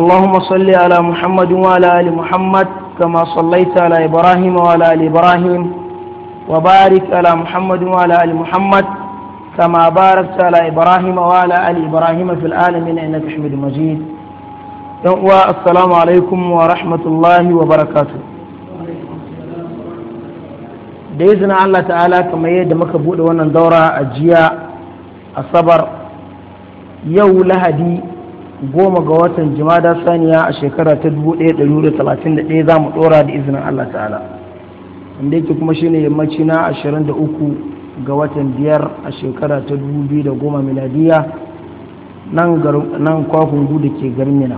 اللهم صل على محمد وعلى آل محمد كما صليت على إبراهيم وعلى آل إبراهيم وبارك على محمد وعلى آل محمد كما باركت على إبراهيم وعلى آل إبراهيم في العالمين إنك حميد مجيد السلام عليكم ورحمة الله وبركاته da izinin Allah ta'ala kamar yadda muka buɗe wannan daura a jiya asabar yau lahadi goma ga watan jimada saniya a shekara ta 1131 za mu dora da izinin Allah ta'ala inda yake kuma shine yammaci na 23 ga watan biyar a shekara ta 2010 miladiya nan kwakwun gudu ke garmina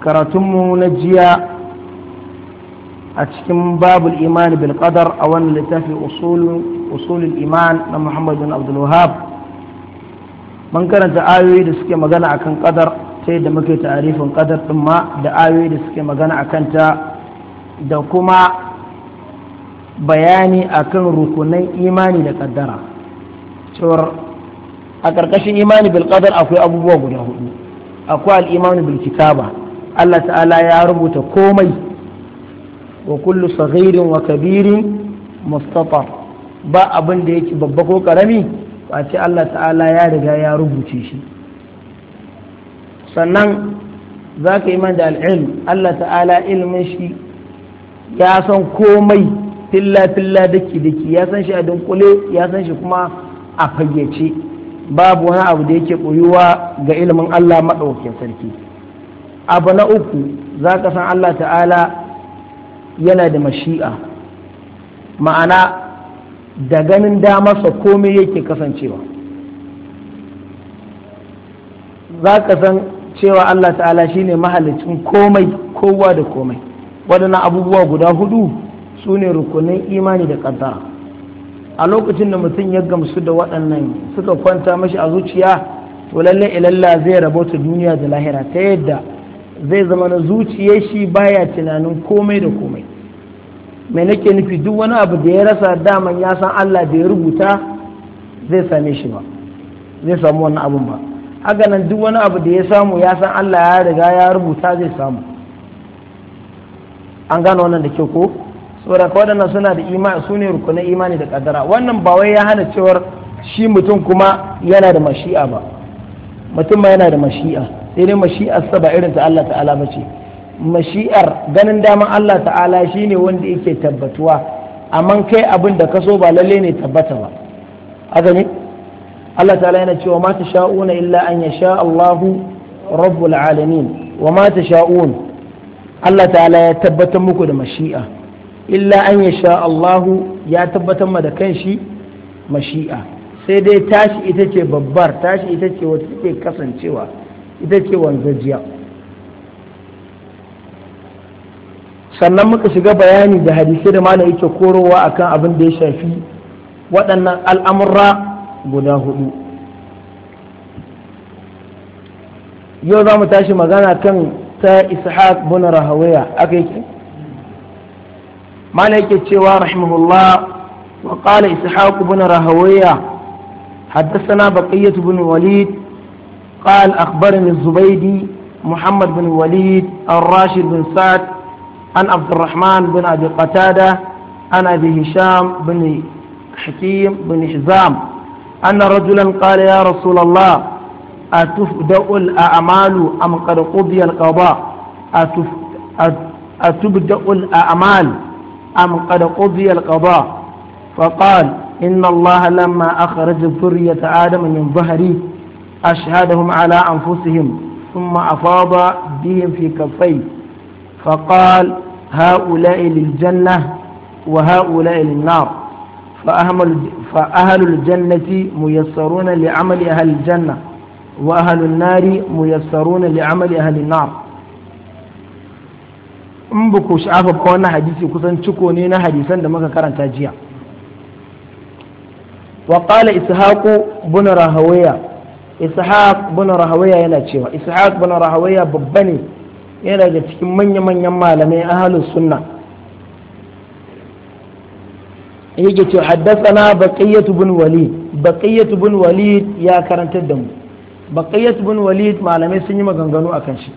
karatunmu na jiya a cikin babul imani bil qadar a wannan littafi usulul iman na muhammadun abdul wahab mun karanta ayoyi da suke magana akan qadar sai da muke tarifin ƙadar din ma da ayoyi da suke magana a kanta da kuma bayani akan rukunan imani da kaddara cewar a ƙarƙashin imani bil kadar akwai abubuwa guda hudu akwai al bil kitaba Allah ta'ala ya rubuta komai wa kullu saghirin wa kabirin mustapha ba abin da yake babba ko karami ba ce Allah ta'ala ya riga ya rubuce shi sannan za ka yi da al'ilm Allah ta'ala ilmin shi ya san komai filla-filla daki-daki ya san shi a dunkule ya san shi kuma a fayyace babu wani abu da yake ɓoyuwa ga ilmin Allah maɗaukin sarki abu na uku za ka san Allah ta'ala yana da mashi'a ma'ana da ganin damarsa komai yake kasancewa za ka san cewa Allah ta'ala shi ne mahalicin komai kowa da komai waɗannan abubuwa guda hudu su ne rukunin imani da ƙaddara a lokacin da mutum ya gamsu da waɗannan suka kwanta mashi a zuciya to lalle ilalla zai rabota duniya da lahira ta yadda zai zama na zuciyar shi baya tunanin komai da komai mai nake nufi duk wani abu da ya rasa daman ya san Allah da ya rubuta zai same shi ba zai samu wannan abun ba haka nan duk wani abu da ya samu ya san Allah ya riga ya rubuta zai samu an gano wannan da kyau ko saboda ka waɗannan suna da imani su ne rukunin imani da kadara wannan ba wai ya hana cewar shi mutum kuma yana da mashi'a ba mutum ma yana da mashi'a sai dai mashi'ar sa ba irin ta Allah ta'ala ba ce mashi'ar ganin daman Allah ta'ala shi ne wanda yake tabbatuwa amma kai abin da ka so ba lalle ne tabbata ba haka ne Allah ta'ala yana cewa ma sha'una illa an yasha Allahu rabbul alamin wa ma sha'un Allah ta'ala ya tabbatar muku da mashi'a illa an yasha Allahu ya tabbatar ma da kanshi mashi'a sai dai tashi ita ce babbar tashi ita ce wata take kasancewa ita ce wanzajiya sannan muka shiga bayani da hadisi da malam yake korowa akan abin da ya shafi waɗannan al'amurra guda hudu yau za mu tashi magana kan ta ishaq bin rahawaya aka yake mana yake cewa rahimahullah wa qala ishaq bin rahawaya حدثنا بقية بن وليد قال أخبرني الزبيدي محمد بن وليد الراشد بن سعد عن عبد الرحمن بن أبي قتادة عن أبي هشام بن حكيم بن حزام أن رجلا قال يا رسول الله أتفدأ الأعمال أم قد قضي القضاء أتبدأ الأعمال أم قد قضي القضاء فقال إن الله لما أخرج ذرية آدم من ظهري أشهدهم على أنفسهم ثم أفاض بهم في كفيه فقال هؤلاء للجنة وهؤلاء للنار فأهل الجنة ميسرون لعمل أهل الجنة وأهل النار ميسرون لعمل أهل النار in ba ku sha'afa ba wannan hadisi kusan ciko ne na hadisan da muka karanta jiya wa qala ishaqu bin rahawiya ishaq bin rahawiya yana cewa ishaq bin rahawiya babba ne yana daga cikin manya-manyan malamai ahlus sunna yake ce haddasana baqiyatu bin walid baqiyatu bin walid ya karantar da mu baqiyatu bin walid malamai sun yi maganganu akan shi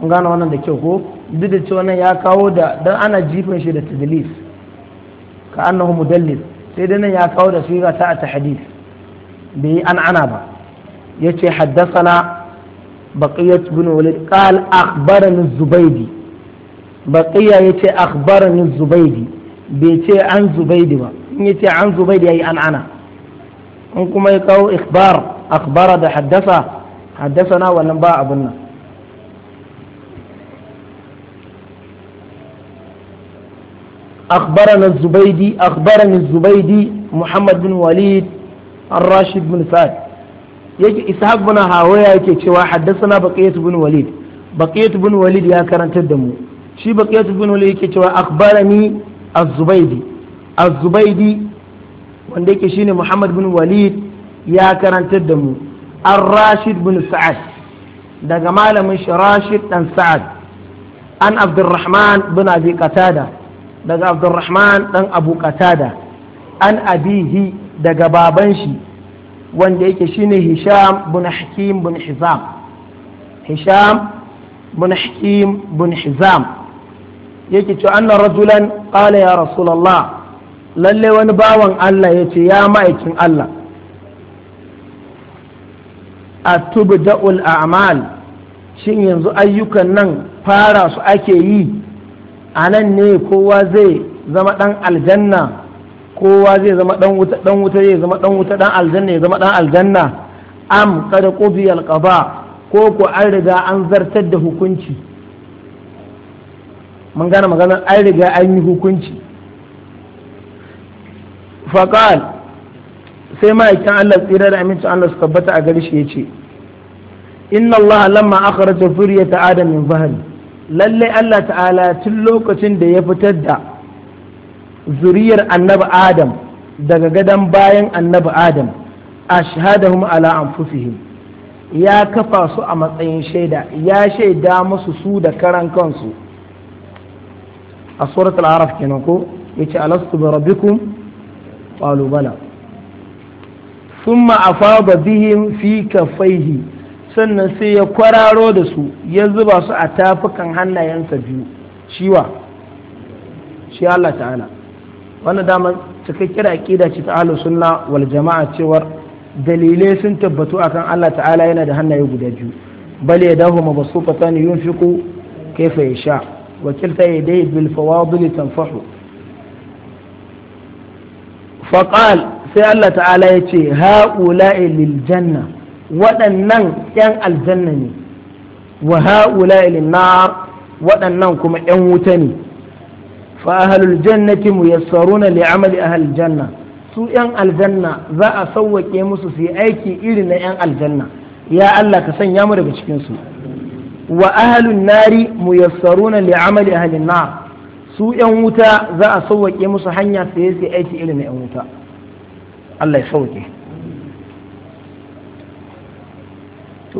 kun gane wannan da kyau ko duk da cewa nan ya kawo da dan ana jifin shi da tadlis ka annahu mudallis sai dai nan ya kawo da siga ta tahdith bai yi an ana ba yace haddasana baqiyatu bin walid qal akhbarani zubaydi baqiya yace akhbarani zubaydi bai ce an zubaydi ba in yace an zubaydi yayi an ana in kuma ya kawo ikhbar akhbara da haddasa haddasa na wannan ba abun nan أخبرنا الزبيدي أخبرني الزبيدي محمد bin وليد الراشد بن سعد يجي إسحاق بن هاوية يجي حدثنا بقية بن وليد بقية بن وليد يا كرنت الدمو shi baqiyat bin wali yake cewa akhbarani az-zubaydi az-zubaydi wanda yake shine muhammad bin walid ya karantar da mu ar-rashid bin sa'ad daga malamin shi rashid dan sa'ad an abdurrahman bin abi qatada daga abdurrahman dan abu qatada an abihi daga baban shi wanda yake shine hisham bin hakim bin hizam hisham bin hakim bin hizam yake ce anna rajulan qala ya rasulullah lalle wani bawan Allah ya ce ya ma'aikin Allah da'ul a'mal shin yanzu ayyukan nan fara su ake yi a nan ne kowa zai zama dan aljanna kowa zai zama dan wuta dan wuta zai zama dan wuta dan aljanna ya zama dan aljanna am kada qubiyal qaba ko ko an riga an zartar da hukunci mun gane maganar an riga an yi hukunci faqal sai ma'aikin Allah tsira da amincin Allah su tabbata a gari shi ya ce inna Allah lamma akhraja zuriyata adam min bahri lalle Allah ta'ala tun lokacin da ya fitar da zuriyar annabi adam daga gadon bayan annabi adam ashhadahum ala anfusihim ya kafa su a matsayin shaida ya shaida musu su da karan kansu a suratul araf kenan ko yace alastu bi rabbikum qalu bala thumma afada bihim fi kafaihi sannan sai ya kwararo da su ya zuba su a tafukan hannayensa biyu shiwa shi Allah ta'ala wannan dama cikakkiyar aqida ce ta ahlus sunna wal jama'a cewar dalilai sun tabbatu akan Allah ta'ala yana da hannaye guda biyu bal yadahu mabsuqatan yunfiqu kayfa yasha' وكلتا يديه بالفواضل sai Allah Ta'ala ya ce يتي هؤلاء للجنة waɗannan 'yan aljanna ne wa ha'ula nar waɗannan kuma 'yan wuta ne fa ahlul jannati muyassaruna li amali ahlul janna su 'yan aljanna za a sauwaƙe musu su aiki irin na 'yan aljanna ya Allah ka sanya mu daga cikin su wa ahlun nari muyassaruna li amali ahlin nar su yan wuta za a sauwaƙe musu hanya sai su aiki irin na yan wuta Allah ya sauke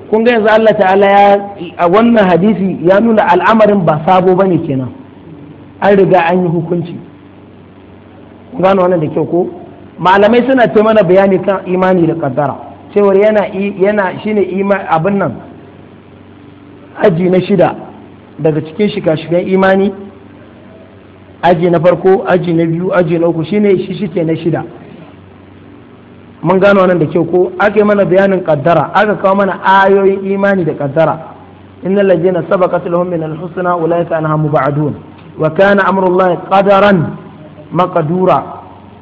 kun ga yanzu Allah ta'ala ya a wannan hadisi ya nuna al'amarin ba sabo bane kenan an riga an yi hukunci kun gano wannan da kyau ko malamai suna ta mana bayani kan imani da kaddara cewar yana yana shine abin nan aji na shida daga cikin shiga shigan imani aji na farko aji na biyu aji na uku shine shi shike na shida mun gano nan da kyau ko aka mana bayanin kaddara aka kawo mana ayoyin imani da kaddara innal ladina sabaqat lahum min al-husna ulaika anha mubadun wa kana amrullahi qadaran maqdura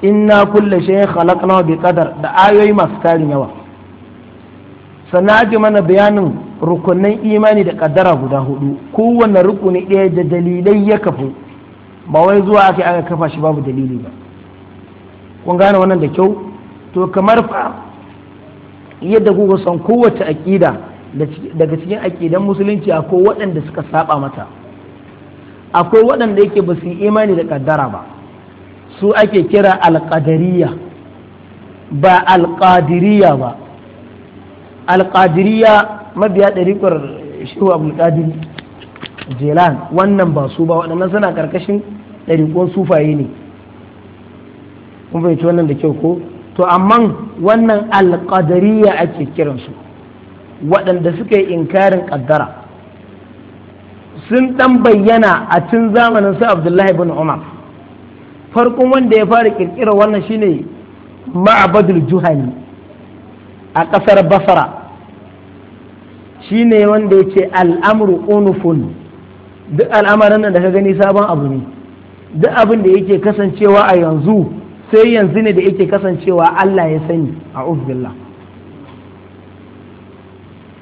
inna kulla shay'in khalaqnahu bi qadar da ayoyi masu tarin yawa sannan mana bayanin Rukunin imani da kaddara guda hudu kowanne rukuni ɗaya da dalilai ya kafu ba wai zuwa aka aka kafa shi babu dalili ba kun gane wannan da kyau to kamar fa yadda kuka san kowace aƙida daga cikin aƙidan musulunci akwai waɗanda suka saba mata akwai waɗanda yake ba su yi imani da kaddara ba su ake kira alƙadariya ba alƙadiriya ba alƙadiriya mabiya ɗariƙar shehu abdulkadir jelan wannan ba su ba waɗannan suna ƙarƙashin ɗariƙon sufaye ne kuma fahimci wannan da kyau ko to amma wannan alƙadariya ake kiransu waɗanda suka yi inkarin ƙaddara sun ɗan bayyana a tun zamanin su abdullahi bin umar farkon wanda ya fara ƙirƙirar wannan shine ma'abadul juhani a ƙasar basara. Shi ne wanda ya ce al'amru unufun duk al'amarin da ka gani sabon abu ne duk abin da yake kasancewa a yanzu sai yanzu ne da yake kasancewa Allah ya sani a billah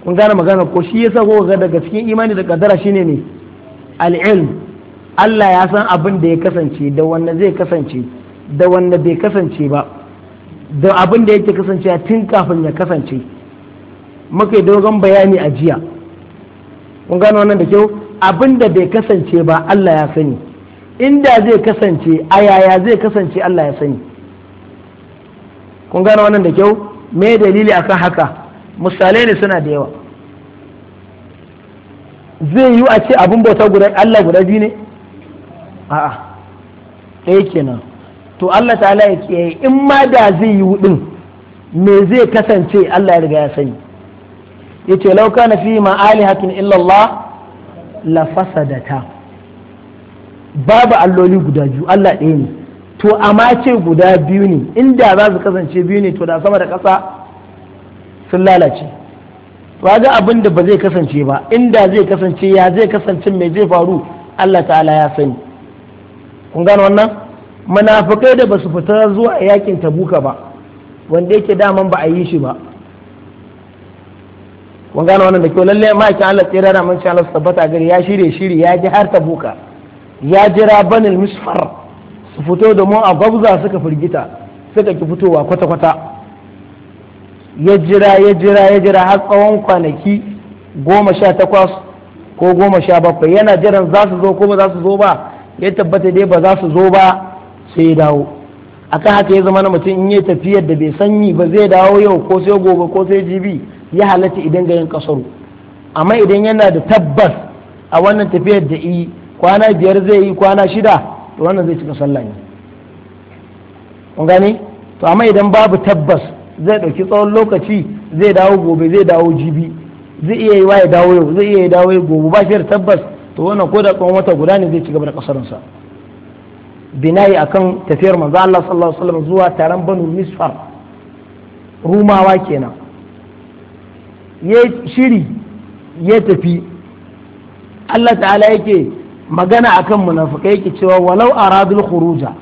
kun gane magana ko shi ya sako ga daga cikin imani da kaddara shine ne al Allah ya san abin da ya kasance da wanda zai kasance da wanda bai kasance ba da abin da yake kasancewa tun kafin ya kasance muka yi dogon bayani a jiya kun gano wannan da kyau abin da bai kasance ba Allah ya sani inda zai kasance a yaya zai kasance Allah ya sani kun gano wannan da kyau me dalili akan haka misalai ne suna da yawa zai yi a ce abin bauta guda Allah guda biyu ne a'a ɗaya kenan to Allah ta'ala ya ke in ma da zai yi wudin me zai kasance Allah ya riga ya sani yace law kana fi ma alihatun illa Allah la fasadata babu alloli guda biyu Allah ɗaya ne to amma ce guda biyu ne inda za su kasance biyu ne to da sama da ƙasa sun lalace to ga abin da ba zai kasance ba inda zai kasance ya zai kasance mai zai faru Allah ta'ala ya sani kun gano wannan munafikai da ba su fita zuwa yakin tabuka ba wanda yake daman ba a yi shi ba kun gane wannan da kyau lalle ma'aikin Allah tsira da mun Allah tabbata gari ya shirye shiri ya ji har tabuka ya jira banil misfar su fito da mu a gwabza suka firgita suka ki fitowa kwata kwata ya jira ya jira ya jira har tsawon kwanaki goma sha takwas ko goma sha bakwai yana jiran za su zo ko ba za su zo ba ya tabbata dai ba za su zo ba sai ya dawo akan haka ya zama na mutum in ya tafiyar da bai sanyi ba zai dawo yau ko sai gobe ko sai jibi ya halatta idan ga yin kasaru amma idan yana da tabbas a wannan tafiyar da yi kwana biyar zai yi kwana shida to wannan zai cika sallah ne kun gane to amma idan babu tabbas zai ɗauki tsawon lokaci zai dawo gobe zai dawo jibi zai iya yi wa ya dawo yau zai iya yi dawo gobe ba shi da tabbas to wannan ko da tsawon wata guda ne zai ci gaba da kasarinsa binayi akan tafiyar manzo Allah sallallahu alaihi wasallam zuwa taron banu misfar rumawa kenan ya shiri ya tafi Allah ta'ala yake magana akan munafikai yake cewa walau aradul khuruja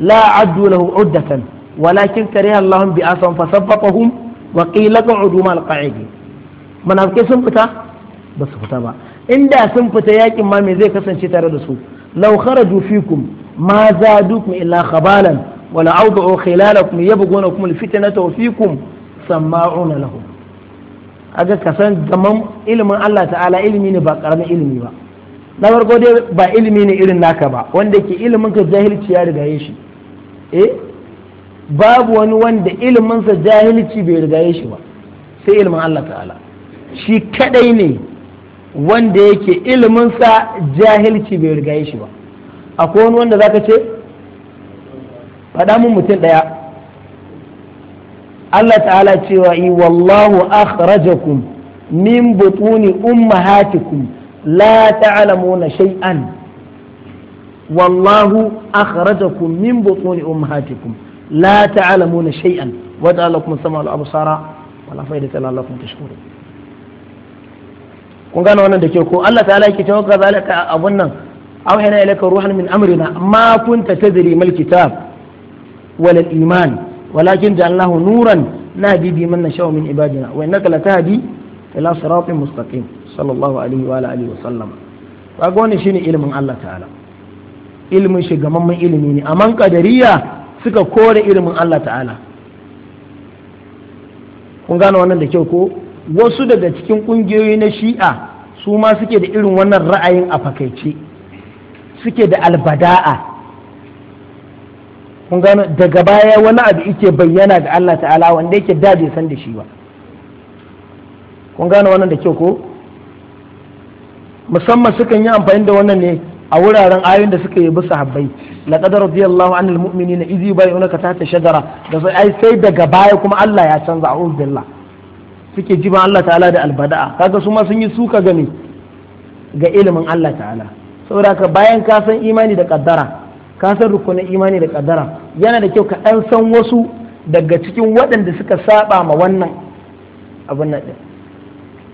la addu lahu uddatan walakin kariha Allahum bi asan fasabbaqahum wa qila qa'udu ma al munafikai sun fita ba su fita ba inda sun fita yakin ma me zai kasance tare da su law kharaju fikum ma zadukum illa khabalan wala awdu khilalakum yabghunakum al-fitnata wa fikum sama'una lahum aga ka san gaman ilimin Allah ta'ala ilimi ne ba karamin ilimi ba na farko dai ba ilimi ne irin naka ba wanda ke ilimin ka jahilci ya rigaye shi eh babu wani wanda ilimin sa jahilci bai rigaye shi ba sai ilimin Allah ta'ala shi kadai ne wanda yake sa jahilci bai rigaye shi ba akwai wani wanda zaka ce faɗa mun mutum ɗaya Allah ta'ala cewa yi wallahu akhrajakum min butuni ummahatikum la ta'lamuna shay'an wallahu akhrajakum min butuni ummahatikum la ta'lamuna shay'an wa ta'alakum sama'u al-absara wala faidata la'allakum tashkurun kun gane wannan da ke ko Allah ta'ala yake cewa ka zalika abun nan awhayna ilayka ruhan min amrina ma kunta tadri mal kitab wal iman walakin ja'alnahu nuran nahdi bi man nasha'u min ibadina wa innaka latahdi ila siratin mustaqim sallallahu alaihi wa alihi wa sallam kaga wannan shine ilimin Allah ta'ala ilimin shigamamman ilimi ne amma kadariya suka kore ilimin Allah ta'ala kun gane wannan da kyau ko wasu daga cikin ƙungiyoyi na shi'a su ma suke da irin wannan ra'ayin a fakaice suke da albada'a kun gano daga baya wani abu yake bayyana ga Allah ta'ala wanda yake da bai san da shi ba kun gano wannan da kyau ko musamman sukan yi amfani da wannan ne a wuraren ayoyin da suka yi bisa habbai laqad radiyallahu anil mu'minina idh yubayyi'unaka tahta shajara da sai ai sai daga baya kuma Allah ya canza a'udhu billah suke jiba Allah ta'ala da albada'a kaga su ma sun yi suka gani ga ilimin Allah ta'ala saboda ka bayan ka san imani da kaddara ka san rukunin imani da kaddara yana da kyau ka dan san wasu daga cikin waɗanda suka saba ma wannan abin nan din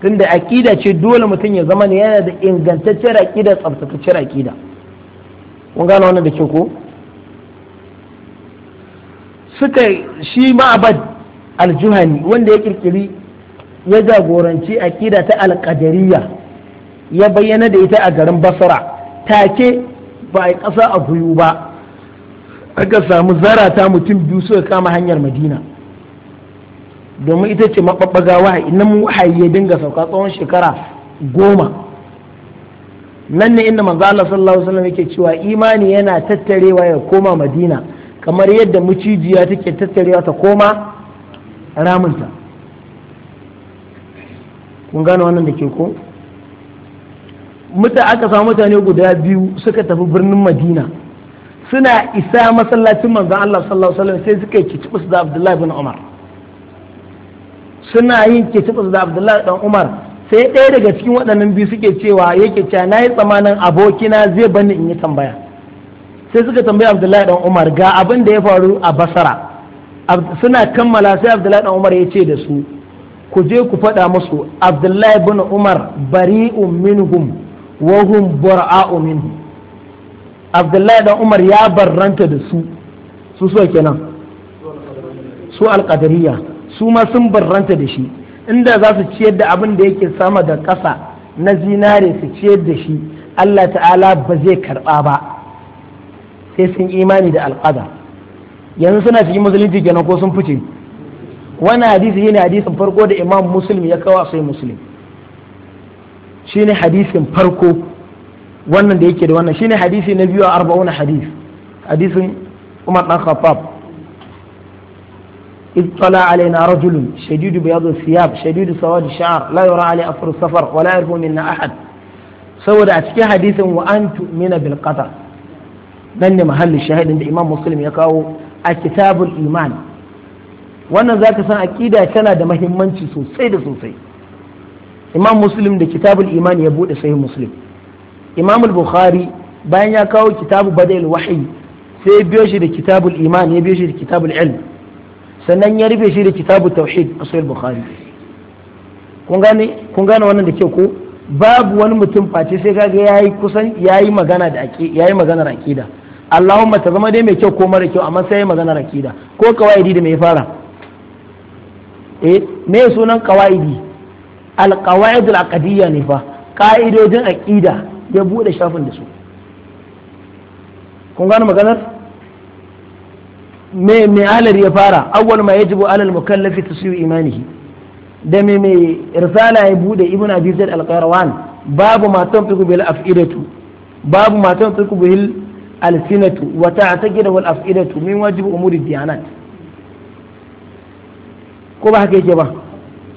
tunda aqida ce dole mutum ya zama ne yana da ingantacciyar aqida tsaftatacciyar aqida kun gane wannan da kyau ko suka shi ma'abad aljuhani wanda ya kirkiri ya jagoranci aqida ta alqadariyya ya bayyana da ita a garin basra take ba a yi ƙasa a guyu ba aka samu zarata mutum biyu suka kama hanyar madina domin ita ce maɓaɓɓaga wahayi nan wahayi ya dinga sauka tsawon shekara goma nan ne inda manzo Allah sallallahu alaihi wasallam yake cewa imani yana tattarewa ya koma madina kamar yadda mucijiya take tattarewa ta koma ramunta kun gane wannan da ke ko muta aka samu mutane guda biyu suka tafi birnin madina suna isa masallacin manzon Allah sallallahu alaihi wasallam sai suka yi su da Abdullahi bin Umar suna yin kicibus da Abdullahi dan Umar sai ɗaya daga cikin waɗannan biyu suke cewa yake cewa na yi tsamanin abokina zai bani in yi tambaya sai suka tambaya Abdullahi dan Umar ga abin da ya faru a basara suna kammala sai Abdullahi dan Umar ya ce da su ku je ku faɗa musu Abdullahi bin Umar bari'un minhum wahum hum Abdullahi dan Umar ya barranta da su su so kenan su alqadariya su ma sun barranta da shi inda za su ciyar da abin da yake sama da ƙasa na zinare su ciyar da shi Allah ta'ala ba zai karɓa ba sai sun imani da alƙada yanzu suna cikin musulunci kenan ko sun fice wannan hadisi shine hadisin farko da imam muslim ya kawo sai muslim shine hadisin farko wannan da yake da wannan shine hadisi na biyu a arba'una hadis hadisin umar dan khattab اطلع علينا Shadidu شديد بياض الثياب شديد سواد الشعر لا يرى عليه اثر السفر ولا يعرف منا احد saboda a cikin hadisin wa an tu'mina bil qadar nan ne mahallin shahidin da imam muslim ya kawo a kitabul iman wannan zaka san aqida tana da muhimmanci sosai da sosai imam muslim da kitabul iman ya bude sahih muslim imam al bukhari bayan ya kawo kitabu badal wahyi sai biyo shi da kitabul iman ya biyo shi da kitabul ilm sannan ya rufe shi da kitabul tauhid a sahih bukhari kun gane kun gane wannan da kyau ko babu wani mutum face sai kaga yayi kusan yayi magana da yayi maganar akida Allahumma ta zama dai mai kyau ko mara kyau amma sai maganar akida ko kawaidi da mai fara eh me sunan kawaidi alƙawa'idul alaqdiyya ne fa ƙa'idojin aƙida ya buɗe shafin da su kun gane maganar me me alar ya fara awwal ma yajibu alal mukallafi tasiyu imanihi da me me irsala ya bude ibnu abi zaid alqarawan babu ma tanfiqu bil af'idatu babu ma tanfiqu bil al-sinatu wa ta'taqidu wal af'idatu min wajibi umuri diyanat ko ba haka yake ba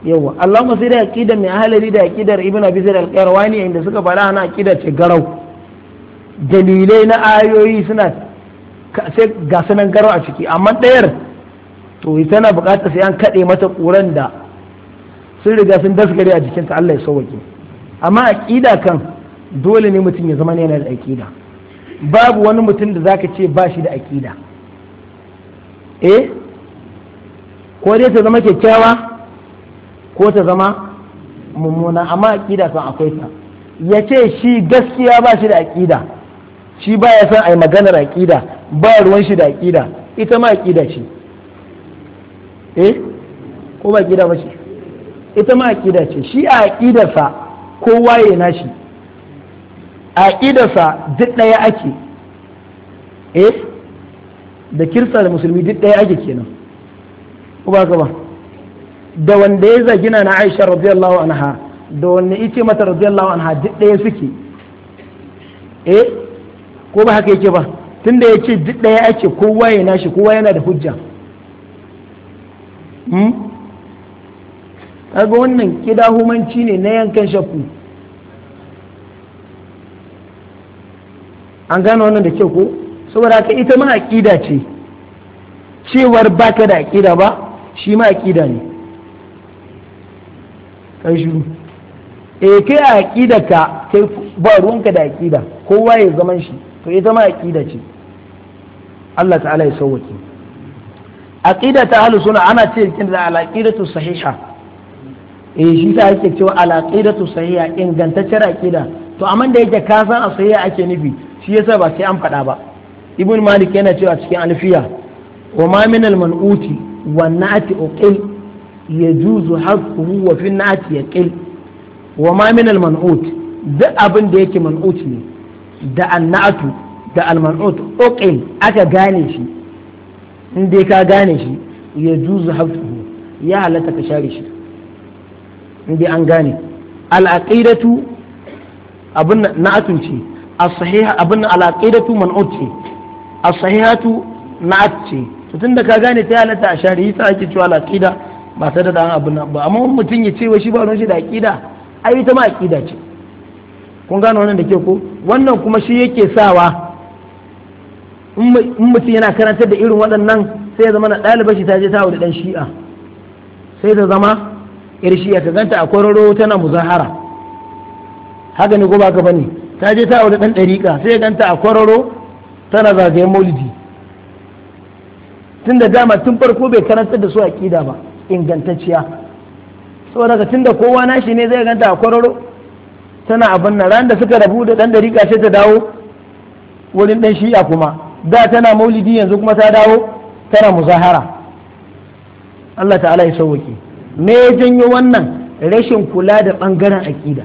yawa Allahumma sai da aqidar mai ahalari da aqidar ibn abi zar al qarwani inda suka fara ana aqidar ce garau dalilai na ayoyi suna sai ga sanan garau a ciki amma ɗayar to tana buƙatar sai an kaɗe mata kuran da sun riga sun daskare a jikinta Allah ya sauke amma aqida kan dole ne mutum ya zama yana da aqida babu wani mutum da zaka ce ba shi da aqida eh ko dai ta zama kyakkyawa ko ta zama mummuna amma aƙida sun akwai ta ya ce shi gaskiya ba shi da aƙida shi ba ya san a yi maganar aƙida ba ruwan shi da aƙida ita ma aƙida ce eh ko ba aƙida ba ce ita ma aƙida ce shi a aƙidarsa waye na nashi a aƙidarsa duk ɗaya ake eh da kirsa da musulmi duk ɗaya ake kenan ko ba ka ba da wanda ya zagi na Aisha radiyallahu anha da wanda ce mata radiyallahu anha duk ɗaya suke eh ko ba haka yake ba tunda ce duk ɗaya ake kowa ya nashi kowa yana da hujja hmm kaga wannan kidahumanci ne na yankan shakku an gano wannan da ke ko saboda haka ita ma aƙida ce cewar ba ta da aƙida ba shi ma aƙida ne kai shiru eh kai a aqida ka kai ba ruwanka da aqida kowa ya zaman shi to ita ma aqida ce Allah ta'ala ya sauwake aqida ta ahlus sunna ana ce kin da alaqidatu sahiha eh shi ta ake cewa alaqidatu sahiha ingantacciyar aqida to amma da yake ka san a ake nufi shi yasa ba sai an faɗa ba ibn malik yana cewa cikin alfiya wa ma min al man'uti wa na'ati uqil yajuzu hasbuhu وفي النعت يقل وما wa المنعوت ذا al-man'ut yake man'ut ne da annatu da al-man'ut uqil aka gane shi in ka gane shi ka shi an gane al'aƙidatu aqidatu abin ce a sahiha abin na'at ce to tunda ka gane ta halatta a ake cewa al'aƙida. ba sai da dan abin nan ba amma mutum ya ce wa shi ba ruwan shi da aqida ai ita ma aqida ce kun gane wannan da ke ko wannan kuma shi yake sawa in mutum yana karantar da irin waɗannan sai ya zama na ɗaliba shi ta je ta da ɗan shi'a sai ta zama iri shi'a ta ganta a kwararo tana muzahara haka ne ko ba ka bane ta je ta da ɗan ɗariƙa sai ya ganta a kwararo tana zagayen maulidi tun da dama tun farko bai karantar da su aƙida ba ingantacciya saboda tun tunda kowa nashi ne zai ganta a kwararo tana abin nan ran da suka rabu da dan dari sai ta dawo wurin dan shi'a kuma da tana maulidi yanzu kuma ta dawo tana muzahara Allah ta'ala ya sauwake me ya janyo wannan rashin kula da bangaren aƙida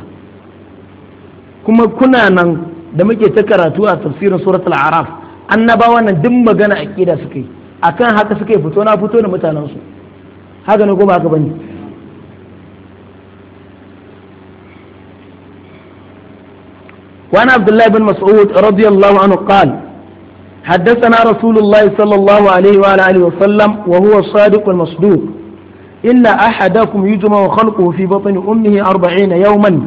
kuma kuna nan da muke ta karatu a tafsirin suratul araf annabawa nan duk magana aqida suka yi akan haka suka yi fito na fito da mutanen su haka ne ko ba haka bane وعن عبد الله بن مسعود رضي الله عنه قال حدثنا رسول الله صلى الله عليه وعلى اله وسلم وهو الصادق المصدوق إلا أحدكم يجمع خلقه في بطن أمه أربعين يوما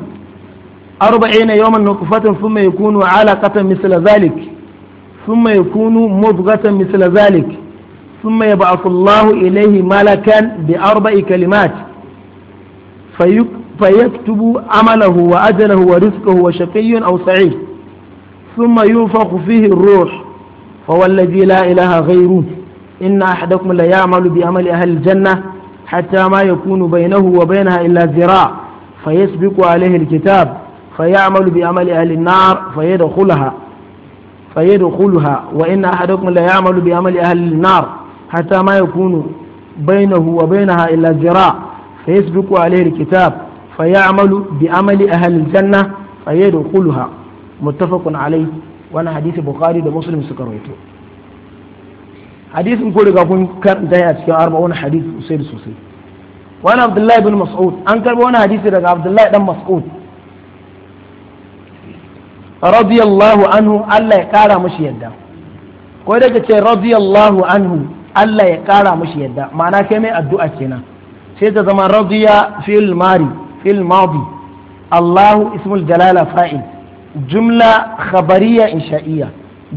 أربعين يوما نطفة ثم يكون علقة مثل ذلك ثم يكون مضغة مثل ذلك ثم يبعث الله إليه ملكا بأربع كلمات فيكتب عمله وأجله ورزقه وشقي أو سعيد ثم ينفخ فيه الروح فهو الذي لا إله غيره إن أحدكم ليعمل بعمل أهل الجنة حتى ما يكون بينه وبينها إلا ذراع فيسبق عليه الكتاب فيعمل بعمل أهل النار فيدخلها فيدخلها وإن أحدكم ليعمل بعمل أهل النار Hata ma yakunu bainahu wa bainaha illa jira fa yasbiqu alayhi alkitab fa ya'malu bi amali ahli aljanna fa yadkhuluha muttafaqun alayhi wannan hadisi bukhari da muslim suka rawaito hadisin ko daga kun karanta a cikin arba'un hadisi sosai sosai wani abdullahi bin mas'ud an karbi wani hadisi daga abdullahi dan mas'ud radiyallahu anhu Allah ya kara mashi yadda ko daga ce anhu Allah ya ƙara mashi yadda ma'ana kai mai addu'a kenan sai ta zama radiya fil mari fil madi Allahu ismul jalala fa'il jumla khabariya insha'iyya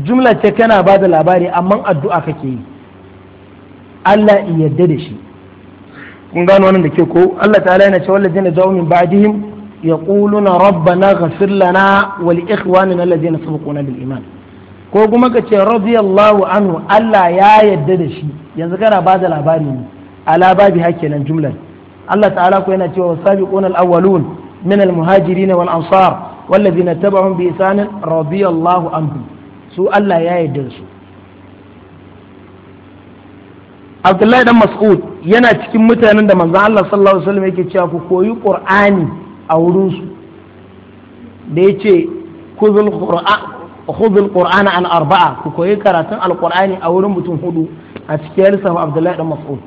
jumla ce kana ba da labari amma addu'a kake yi Allah ya yadda da shi kun gano wannan da ke ko Allah ta'ala yana cewa wallazina ja'u min ba'dihim yaquluna rabbana ghfir lana wa li ikhwanina alladhina sabaquna bil iman ko kuma ka ce radiyallahu anhu Allah ya yadda da shi yanzu kana ba da labari ne ala babi nan jumlar Allah ta'ala ko yana cewa sabiquna al-awwalun min al-muhajirin wal ansar والذين اتبعهم بإحسان رضي الله عنهم su Allah ya yarda su Abdullahi dan Mas'ud yana cikin mutanen da manzon Allah sallallahu alaihi wasallam yake cewa ku koyi Qur'ani a wurin su da yace kuzul Qur'an khudhul qur'ana عن arba'a ku koyi karatun alqur'ani a wurin mutum hudu a cikin lissafi abdullahi dan mas'ud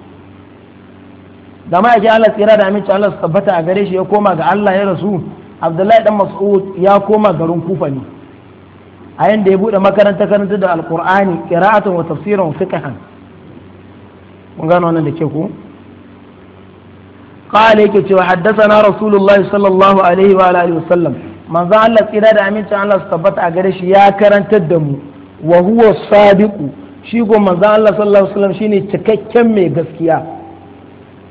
da ma yaji Allah tsira da aminci Allah su a gare shi ya koma ga Allah ya rasu abdullahi dan mas'ud ya koma garin kufa ne a yanda ya bude makaranta karanta da alqur'ani qira'atan wa tafsiran fiqhan mun gano wannan da ke ku قال yake cewa رسول الله صلى الله wa وعلى اله manzo Allah tsira da amincin Allah su tabbata a gare shi ya karantar da mu wa huwa sadiqu shi go manzo Allah sallallahu alaihi wasallam shine cikakken mai gaskiya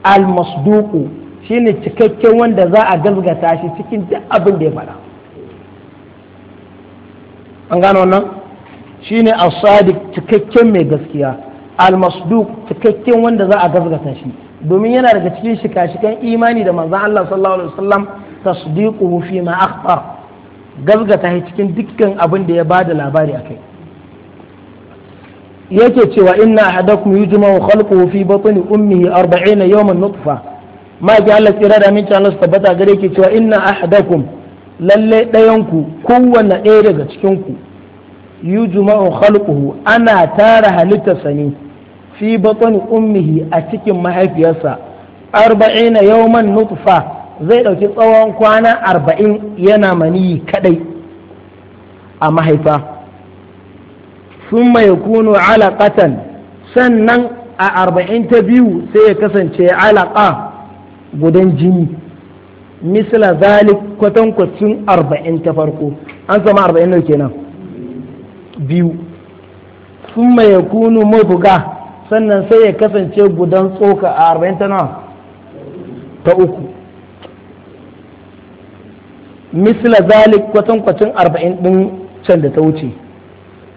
al masduqu shine cikakken wanda za a gazgata shi cikin duk abin da ya faɗa an gano wannan shine as-sadiq cikakken mai gaskiya al masduq cikakken wanda za a gazgata shi domin yana daga cikin shika-shikan imani da manzo Allah sallallahu alaihi wasallam tasdiquhu fi ma akhbar gazgata shi cikin dukkan abin da ya bada labari akai yake cewa inna ahadakum yujma'u khalquhu fi batni ummihi 40 yawman nutfa ma ji Allah tsira da min Allah tabbata gare yake cewa inna ahadakum lalle dayan ku kowanne ɗaya daga cikin ku yujma'u khalquhu ana tara halitta Sani. fi batni ummihi a cikin mahaifiyarsa 40 yawman nutfa zai ɗauki tsawon kwana arba'in yana maniyi kadai a mahaifa sun mai kunu alaƙatan sannan a arba'in ta biyu sai ya kasance alaƙa gudan jini misla zalik kwatankwacin arba'in ta farko an sama arba'in nau kenan biyu sun mai kunu mabuga sannan sai ya kasance gudan tsoka a arba'in ta nawa ta uku misla zalik kwatankwacin arba'in ɗin can da ta wuce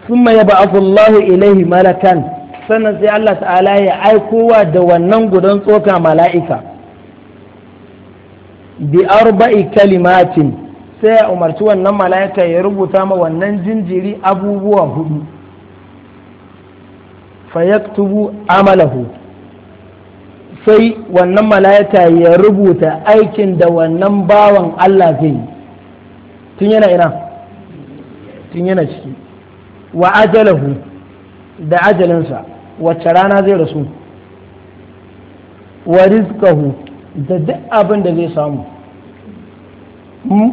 sun ma yaba afullahu ilaihi malakan sannan sai Allah ta'ala ya aikowa da wannan gudan tsoka mala'ika bi arba'i kalimatin sai ya umarci wannan mala'ika ya rubuta ma wannan jinjiri abubuwa hudu tubu amalahu sai wannan mala'ika ya rubuta aikin da wannan bawan Allah zai yi tun yana ina tun yana ciki wa ajalahu da ajalinsa wacce rana zai rasu wa rizkahu da duk abin da zai samu hmm?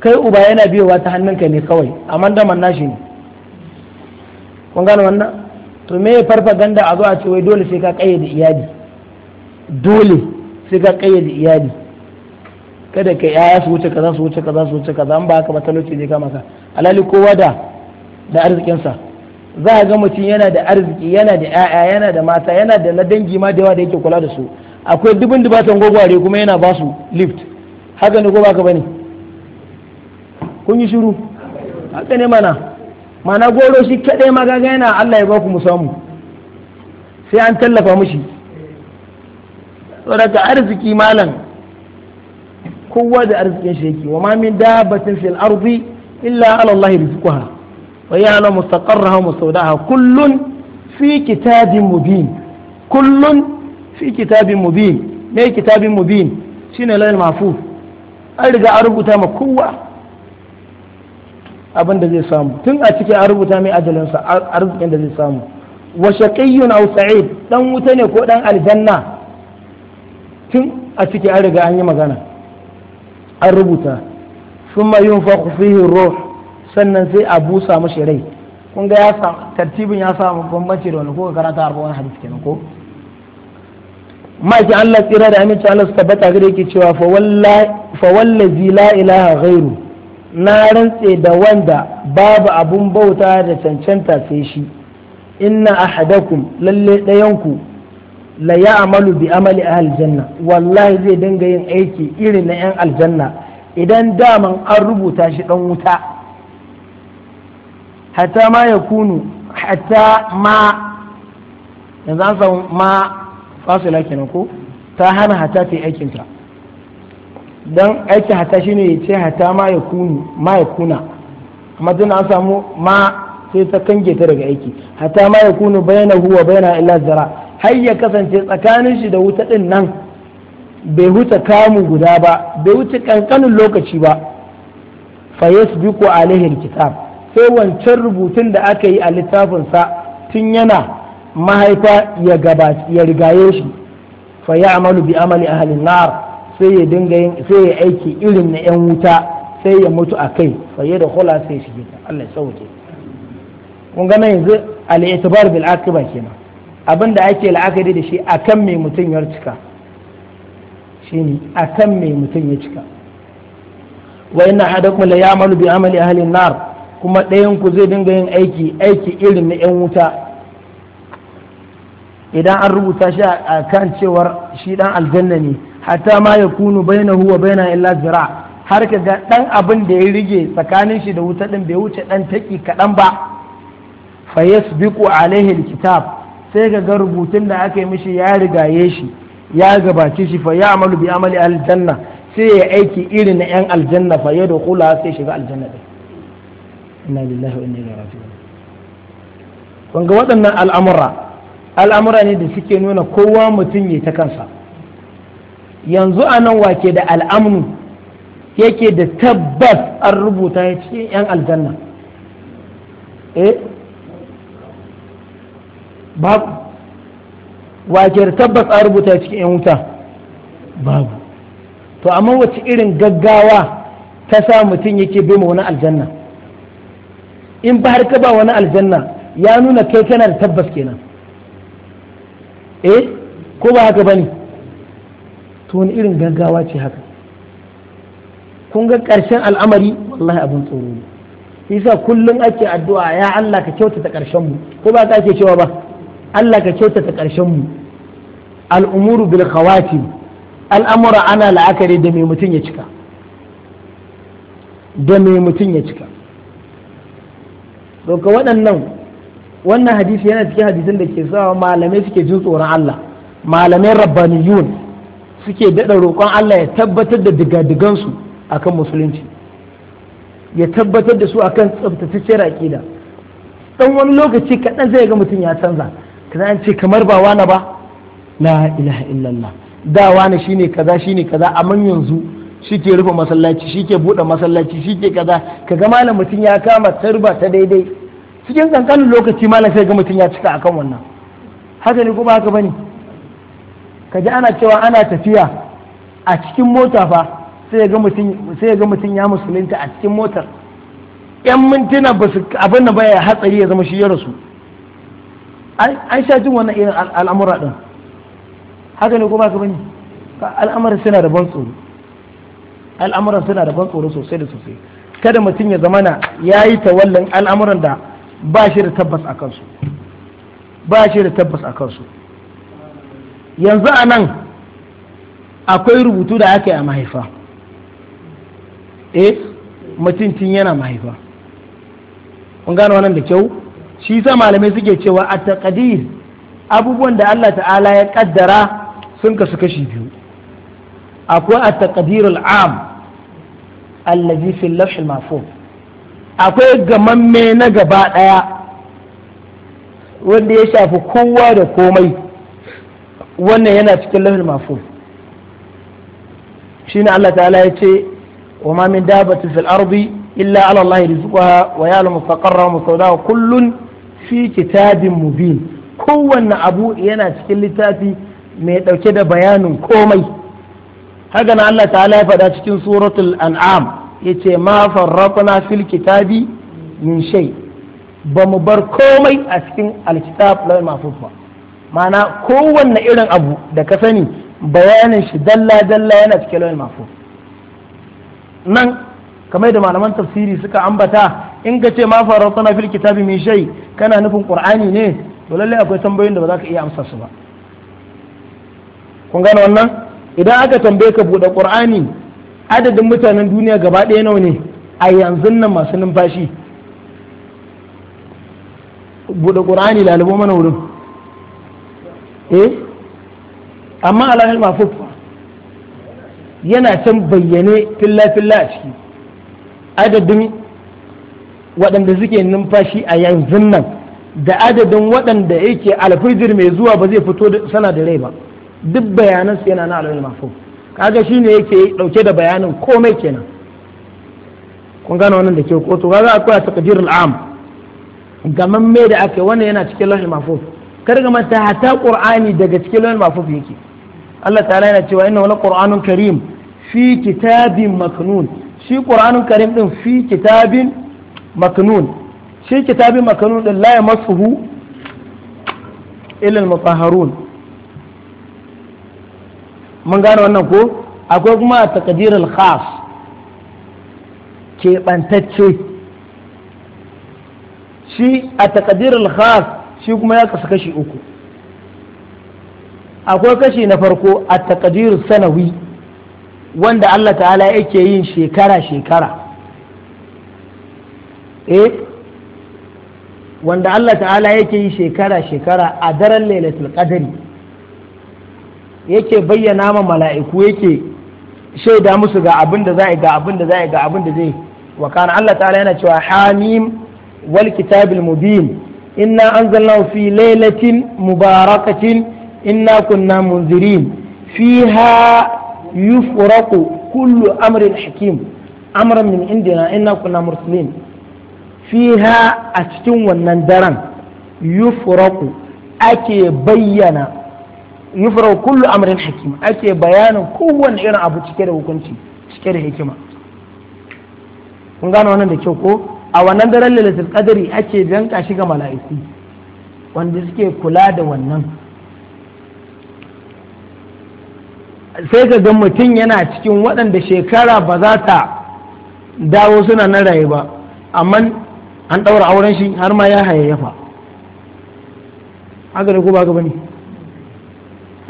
kai uba yana biyowa ta hannunka ne kawai amma daman nashi ne kun gane wannan to me ya ganda a zo a ce wai dole sai ka kayyade iyali dole sai ka kayyade iyali kada ka yaya su wuce kaza su wuce kaza su wuce kaza an ba haka matalauci ne kama ka alali kowa da da arzikinsa za a ga mutum yana da arziki yana da yaya yana da mata yana da na dangi ma da yawa da yake kula da su akwai dubin dubatan gwagware kuma yana ba su lift haka ne ko ba ka bane kun yi shiru haka ne mana mana goro shi kadai ma gaga yana Allah ya ba ku mu samu sai an tallafa mushi saboda arziki malam kowa da arzikin shi yake wa ma min dabatin fil ardi illa ala Allah rizquha wa ya'lamu mustaqarraha wa mustawdaha kullun fi kitabin mubin kullun fi kitabin mubin me kitabin mubin shine lal mahfuz an riga an rubuta ma kowa abin da zai samu tun a cikin an rubuta mai ajalinsa arzikin da zai samu wa shaqiyyun aw sa'id dan wuta ne ko dan aljanna tun a cikin an riga an yi magana an rubuta summa yunfakhu fihi ruh sannan sai a busa mashi rai kun ga ya samu tartibin ya mu bambanci da wani ko karanta arba wani hadisi kenan ko ki Allah tsira da aminci Allah su tabbata ga yake cewa fa wallazi la ilaha ghairu na rantse da wanda babu abun bauta da cancanta sai shi inna ahadakum lalle ɗayanku la amalu bi amali ahal janna wallahi zai dinga yin aiki irin na yan aljanna idan daman an rubuta shi dan wuta hatta ma kunu hatta ma yanzu an samu ma fasila kenan ko ta hana hatta ta yi aikinta don aiki hatta shi ne ce hatta ma ya kunu ma ya kuna amma tun an samu ma sai ta kange ta daga aiki hatta ma ya kunu bayana huwa bayana illa zara har ya kasance tsakanin shi da wuta ɗin nan bai wuce kamu guda ba bai wuce kankanin lokaci ba fa yasbiqu alaihi alkitab sai wancan rubutun da aka yi a littafinsa tun yana mahaifa ya gabaci ya rigaye shi fa ya'malu bi amali ahli nar sai ya dinga yin sai ya aiki irin na yan wuta sai ya mutu a kai fa da kula sai shi Allah ya sauke kun ga yanzu al-i'tibar bil kenan abin da ake la'akari da shi akan mai mutum ya cika a kan mai mutum ya cika wa la bi amali halin nar kuma ɗayan ku zai dinga yin aiki aiki irin na yan wuta idan an rubuta shi a kan cewar shi dan aljanna ne hatta ma ya kunu bai na huwa bai na illa zira' har ka ga ɗan abin da ya rige tsakanin shi da wuta ɗin bai wuce ɗan taƙi kaɗan ba fa yasbiqu alaihi alkitab sai ga ga rubutun da aka yi mishi ya rigaye shi ya gabace shi fa ya amalu bi amali aljanna sai ya aiki irin na yan aljanna fa ya dukula sai shiga aljanna din inna lillahi wa inna ilaihi raji'un kun ga waɗannan al'amura al'amura ne da suke nuna kowa mutum ya ta kansa yanzu anan nan wake da al'amnu yake da tabbas an rubuta ya ce yan aljanna eh babu ke da tabbas a rubuta cikin 'yan wuta babu to amma wace irin gaggawa ta sa mutum yake bai ma wani aljanna in ba har ka ba wani aljanna ya nuna kai kana da tabbas kenan eh ko ba haka bane to wani irin gaggawa ce haka kun ga ƙarshen al'amari wallahi abin tsoro ne yasa kullum ake addu'a ya Allah ka kyautata ƙarshen mu ko ba ka ake cewa ba Allah ka kyautata ƙarshen mu al'umuru bil al'amura ana la'akari da mai mutum ya cika da mai mutum ya cika doka waɗannan wannan hadisi yana cikin hadisin da ke sawa malamai suke jin tsoron Allah malamai rabbaniyun suke daɗa roƙon Allah ya tabbatar da digadigansu akan musulunci ya tabbatar da su akan tsabtatacciyar aƙida ɗan wani lokaci kaɗan zai ga mutum ya canza kaza an ce kamar ba wani ba la ilaha illallah da wani shine kaza shine kaza amma yanzu shike rufe masallaci shike bude masallaci shike kaza kaga malam mutum ya kama tarba ta daidai cikin kankanin lokaci malam sai ga mutum ya cika akan wannan haka ne ko ba haka bane kaji ana cewa ana tafiya a cikin mota fa sai ga sai ga mutum ya musulunta a cikin motar yan mintuna ba abin da baya hatsari ya zama shi ya rasu an sha jin wannan irin al'amura ɗin haka ne ko ba ka bane al'amuran suna da ban tsoro al'amuran suna da ban tsoro sosai da sosai kada mutum ya zamana ya yi tawallin al'amuran da ba shi da tabbas a kansu ba shi da tabbas a kansu yanzu a nan akwai rubutu da aka yi a mahaifa eh mutum tun yana mahaifa kun gano wannan da kyau shi sa malamai suke cewa a abubuwan da Allah ta'ala ya kaddara sun kasu kashi biyu akwai a taqdir al'am allazi fi lafh al akwai gamamme na gaba ɗaya wanda ya shafi kowa da komai wannan yana cikin lafh shi shine Allah ta'ala ya ce wa ma min dabatin fil ardi illa ala Allah rizquha wa ya'lamu mustaqarra wa kullun fi kitabin mubin kowanne abu yana cikin littafi mai ɗauke da bayanin komai haka na Allah ta'ala ya faɗa cikin suratul an'am yace ma farrafna fil kitabi min shay ba mu bar komai a cikin alkitab lawal mafufa ma'ana kowanne irin abu da ka sani bayanin shi dalla dalla yana cikin lawal mafufa nan kamar da malaman tafsiri suka ambata in ka ce ma farasana fil kitabi min shay kana nufin qur'ani ne to lalle akwai tambayoyin da ba za ka iya amsa su ba kun gane wannan idan aka tambaye ka bude qur'ani adadin mutanen duniya gaba ɗaya nawa ne a yanzu nan masu numfashi bude ƙur'ani lalubo mana wurin eh amma alahil mafuf yana can bayyane filla a ciki adadin waɗanda suke numfashi a yanzu nan da adadin waɗanda yake alfijir mai zuwa ba zai fito sana da rai ba duk bayanan su yana na alwal mafuf kaga shi ne yake ɗauke da bayanin komai kenan kun gano wannan da ke kotu to kaga akwai taqdirul am gaman mai da aka wannan yana cikin lahul mafuf kar ga manta hata qur'ani daga cikin lahul mafuf yake Allah ta'ala yana cewa inna wala qur'anun karim fi kitabin maknun shi qur'anun karim din fi kitabin maknun shi kitabi maknun din la yamassuhu illa al-mutahharun mun gane wannan ko akwai kuma taqdir al-khas keɓantacce shi a taqdir al-khas shi kuma ya kasa kashi uku akwai kashi na farko a taqdir sanawi wanda Allah ta'ala yake yin shekara shekara eh wanda Allah ta'ala yake yi shekara-shekara a daren lailatul qadari yake bayyana ma mala'iku yake shaida musu ga abin da za ga abin da ga abin da zai wa kana Allah ta'ala yana cewa hamim wal kitabil mubin inna anzalnahu fi lailatin mubarakatin inna kunna munzirin fiha yufraqu kullu amrin hakim amran min indina inna kunna mursalin fiha a cikin wannan daren yufraku ake bayyana yufraku kullu amrin hakim ake bayanin kowanne irin abu cike da hukunci cike da hikima kun gano wannan da kyau ko a wannan daren lailatul qadri ake danka shi ga mala'iku wanda suke kula da wannan sai ka ga mutum yana cikin waɗanda shekara ba za ta dawo suna na rayuwa ba amma an ɗaura auren shi har ma ya hayayyafa haka da ko ba ka bane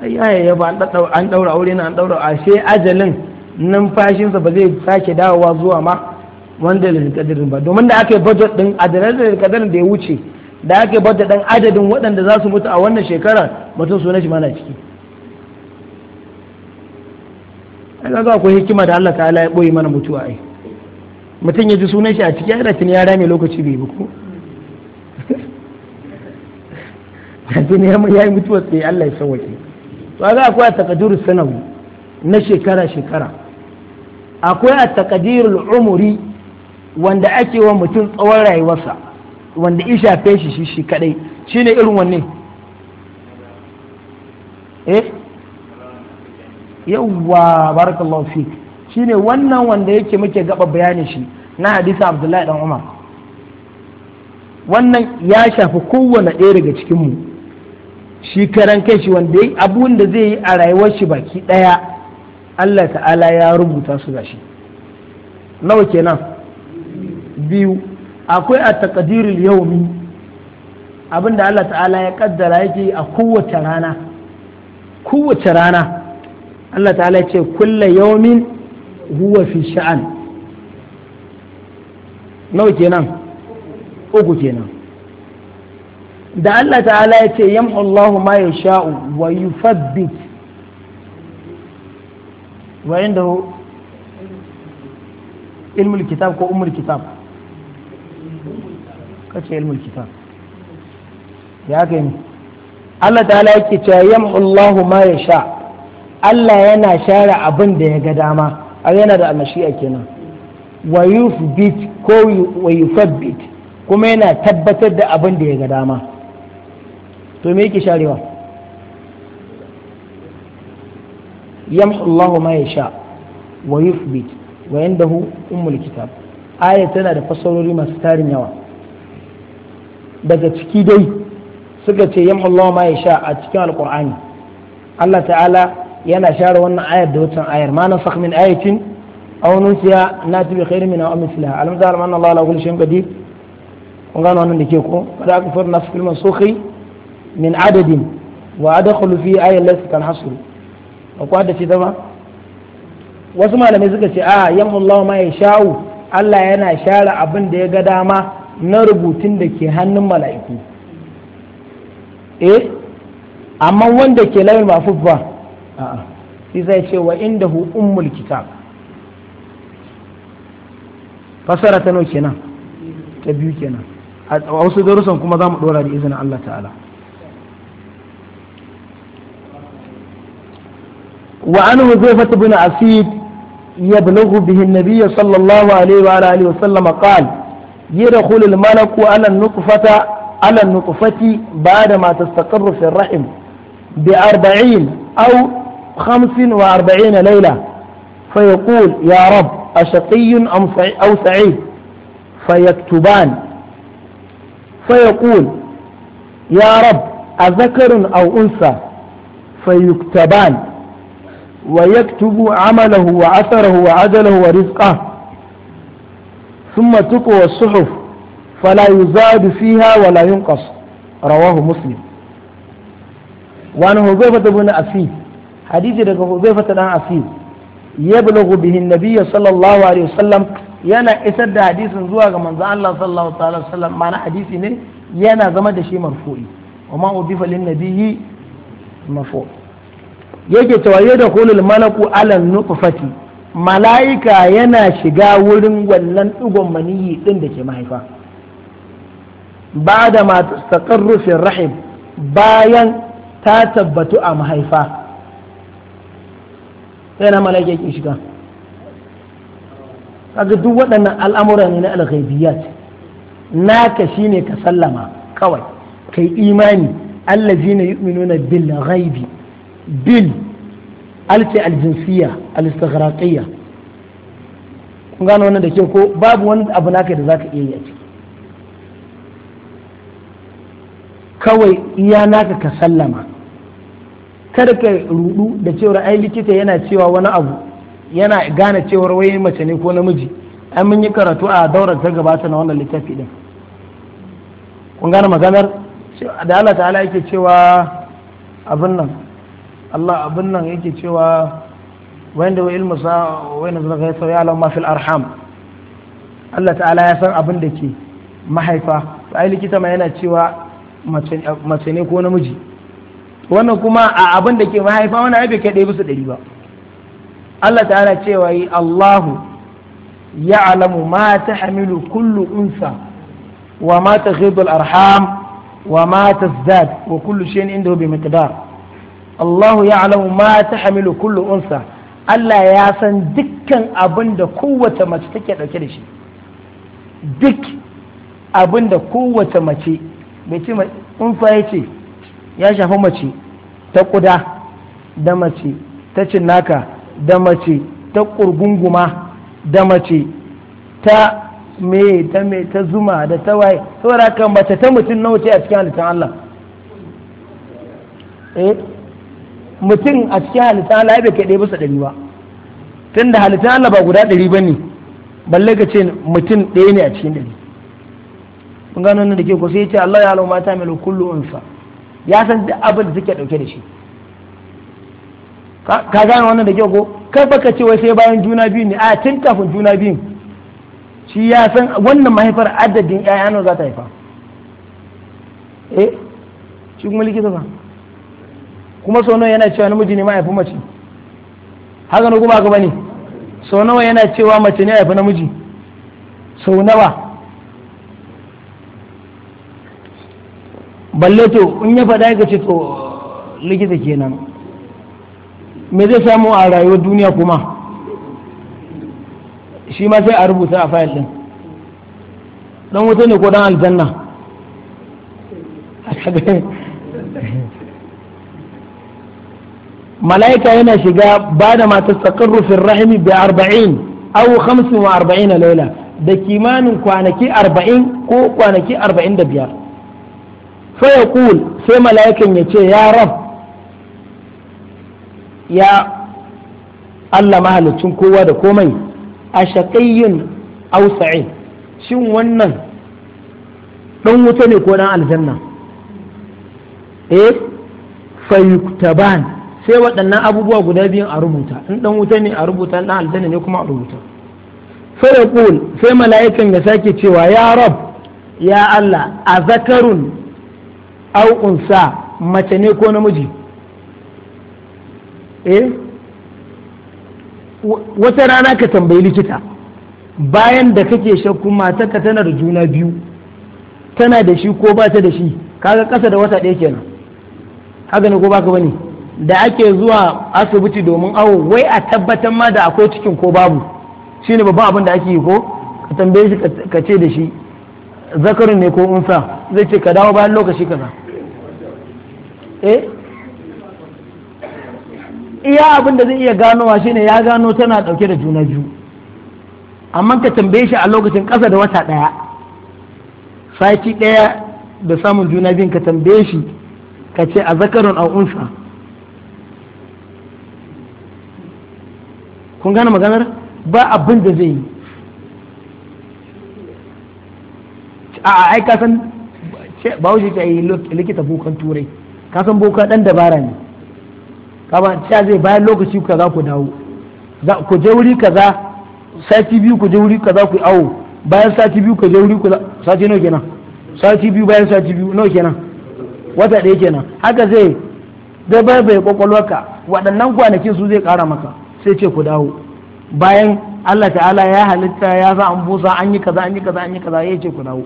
ai hayayyafa an ɗaura auren an ɗaura a sai ajalin numfashinsa ba zai sake dawowa zuwa ma wanda da kadirin ba domin da aka yi budget din adadin da kadirin da ya wuce da aka yi budget din adadin waɗanda za su mutu a wannan shekarar mutum suna shi mana ciki ai ga akwai hikima da Allah ta'ala ya boye mana mutuwa ai mutum ya ji sunan shi a cikin yana tuni ya mai lokaci bai ba ko tuni ya yi mutuwa tsaye Allah ya sauwake to ga akwai a takadiru sanawi na shekara shekara akwai a takadiru umuri wanda ake wa mutum tsawon rayuwarsa wanda isha shafe shi shi shi kadai shine irin wanne eh yawwa barakallahu fiki shine wannan wanda yake muke gaba bayanin shi na hadisa abdullahi dan umar wannan ya shafi kowane ɗaya daga cikinmu shi karan kai shi wanda ya abun da zai yi a rayuwar shi baki ɗaya allah ta'ala ya rubuta su gashi nawa kenan biyu akwai a takadirul yaumi abin da allah ta'ala ya kaddara yake a kowace rana kowace rana allah ta'ala ya ce kulla yaumin huwa fi sha'an nawa kenan uku kenan da Allah ta'ala ya ce yamhu Allahu ma yasha'u wa yufabbit wa indahu ilmul kitab ko umul kitab kace ilmul kitab ya gani Allah ta'ala ya ce, yamhu Allahu ma sha, Allah yana share abin da ya ga dama ai yana da a kenan wa yuthbit ko wa yufabbit kuma yana tabbatar da abin da ya ga dama to me yake sharewa yamhu Allahu ma yasha wa wa indahu ummul kitab aya tana da fasarori masu tarin yawa daga ciki dai suka ce yamhu Allahu ma yasha a cikin alqur'ani Allah ta'ala yana share wannan ayar da wancan ayar ma nasakh min ayatin aw nusiya na bi khairin min aw mislaha alam zalama manna Allah la kulli shay'in qadir kun gano wannan da ke ko da aka fara nasu filman sokhi min adadin wa adkhulu fi ayatin lati tanhasul akwai da ce zama wasu malamai suka ce a yamullahu ma sha'u Allah yana share abin da ya ga dama na rubutun da ke hannun mala'iku eh amma wanda ke lamin mafuf ba a'a shi zai ce wa inda hu ummul kitab fasara ta nau kenan ta biyu kenan a wasu darussan kuma za mu dora da izinin Allah ta'ala wa an huzaifat ibn asid yablughu bihi an-nabiy sallallahu alaihi wa alihi wa sallam qala يدخل الملك على النطفة على النطفة بعد ما تستقر في الرحم بأربعين أو خمس وأربعين ليلة فيقول يا رب أشقي أم أو سعيد فيكتبان فيقول يا رب أذكر أو أنثى فيكتبان ويكتب عمله وأثره وعدله ورزقه ثم تقوى الصحف فلا يزاد فيها ولا ينقص رواه مسلم وأنا حذيفة بن أسيد hadisi daga Hudayfa dan Asir yablughu bihi an-nabiy sallallahu alaihi wasallam yana isar da hadisin zuwa ga manzon Allah sallallahu alaihi wasallam ma'ana hadisi ne yana zama da shi marfu'i wa ma udifa lin-nabiyyi marfu' yake cewa yadkhulul malaku ala nutfati mala'ika yana shiga wurin wannan digon maniyi ɗin da ke mahaifa ba da rahim bayan ta tabbatu a mahaifa sai na ya yake shiga kaga duk waɗannan al'amura ne na alghaibiyat naka shine ka sallama kawai kai imani allazina yu'minuna bil ghaibi bil al aljinsiyya al-istighraqiyya kun gano wannan da ke ko babu wani abu naka da zaka iya yi kawai iya naka ka sallama kada ka rudu da cewar ai likita yana cewa wani abu yana gane cewar wai mace ne ko namiji an mun yi karatu a daurar ta gabata na wannan littafi din kun gane maganar da Allah ta'ala yake cewa abin nan Allah abin nan yake cewa wanda wai ilmu sa wanda zan ga sai Allah fil arham Allah ta'ala ya san abin da ke mahaifa ai likita ma yana cewa mace ne ko namiji wannan kuma a abin da ke mahaifa wani ai bai kai ɗaya bisa ɗari ba Allah ta'ala cewa yi Allahu ya'lamu ma tahmilu kullu unsa wa ma taghidu al-arham wa ma tazdad wa kullu shay'in indahu bi miqdar Allahu ya'lamu ma tahmilu kullu unsa Allah ya san dukkan abin da kowace mace take dauke da shi duk abin da kowace mace mai ce unsa ce. ya shafi mace ta ƙuda da mace ta cinnaka da mace ta ƙurgunguma da mace ta me ta me ta zuma da ta waye saboda kan mace ta mutum nawa ce a cikin halittar Allah eh mutum a cikin halittar Allah bai kai ɗaya bisa ɗari ba tunda halittar Allah ba guda ɗari ba ne balle ka ce mutum ɗaya ne a cikin ɗari Mun gano nan da ke ko sai ya ce Allah ya halau mata mai kullu unsa ya san duk abin da suke dauke da shi ka gane wannan da kyau ko kai baka ce wai sai bayan juna biyu ne a tun kafin juna biyun shi ya san wannan mahaifar adadin ƴaƴa nawa za ta haifa eh shi kuma likita ba kuma sau nawa yana cewa namiji ne mahaifin mace haka na kuma gaba ne sau nawa yana cewa mace ne haifi namiji sau nawa balle to in ya faɗa ya ce to likita kenan me zai samu a rayuwar duniya kuma shi ma sai a rubuta a fayil ɗin ɗan wuta ne ko ɗan aljanna mala'ika yana shiga ba da matar sakarrufin rahimi bi arba'in au hamsin wa arba'in laila da kimanin kwanaki arba'in ko kwanaki arba'in da biyar fa yaqul sai mala'ikan ya ce ya rab ya Allah mahalicin kowa da komai a shaƙayyun ausa'i shin wannan ɗan wuta ne ko ɗan aljanna eh fayuktaban sai waɗannan abubuwa guda biyun a rubuta in ɗan wuta ne a rubuta ɗan aljanna ne kuma a rubuta fayaqul sai mala'ikan ya sake cewa ya rab ya Allah a zakarun au unsa mace ne ko namiji eh wata rana ka tambayi likita bayan da kake shakku matarka tana da juna biyu tana da shi ko ba ta da shi kaga ƙasa da wata ɗaya kenan haka ne ko baka bane da ake zuwa asibiti domin awo wai a tabbatar ma da akwai cikin ko babu shine babban abin da ake yi ko ka tambaye shi ka ce da shi zakarin ne ko unsa zai ce ka dawo bayan lokaci kaza eh iya abin da zai iya gano wa shine ya gano tana dauke da juna biyu amma ka tambaye shi a lokacin ƙasa da wata ɗaya sati ɗaya da samun juna biyun ka tambaye shi ka ce a zakarun a unsa kun gane maganar ba abin da zai yi a aika san ba wuce ta yi likita bukan turai ka san boko dan dabara ne kama cewa zai bayan lokaci za ku dawo ku je wuri kaza sati biyu ku je wuri kaza ku awo bayan sati biyu ku je wuri ku sati nawa kenan sati biyu bayan sati biyu nawa kenan wata ɗaya kenan haka zai zai bai bai kwakwalwarka waɗannan kwanakin su zai ƙara maka sai ce ku dawo bayan Allah ta'ala ya halitta ya za an busa an yi kaza an yi kaza an yi kaza ya ce ku dawo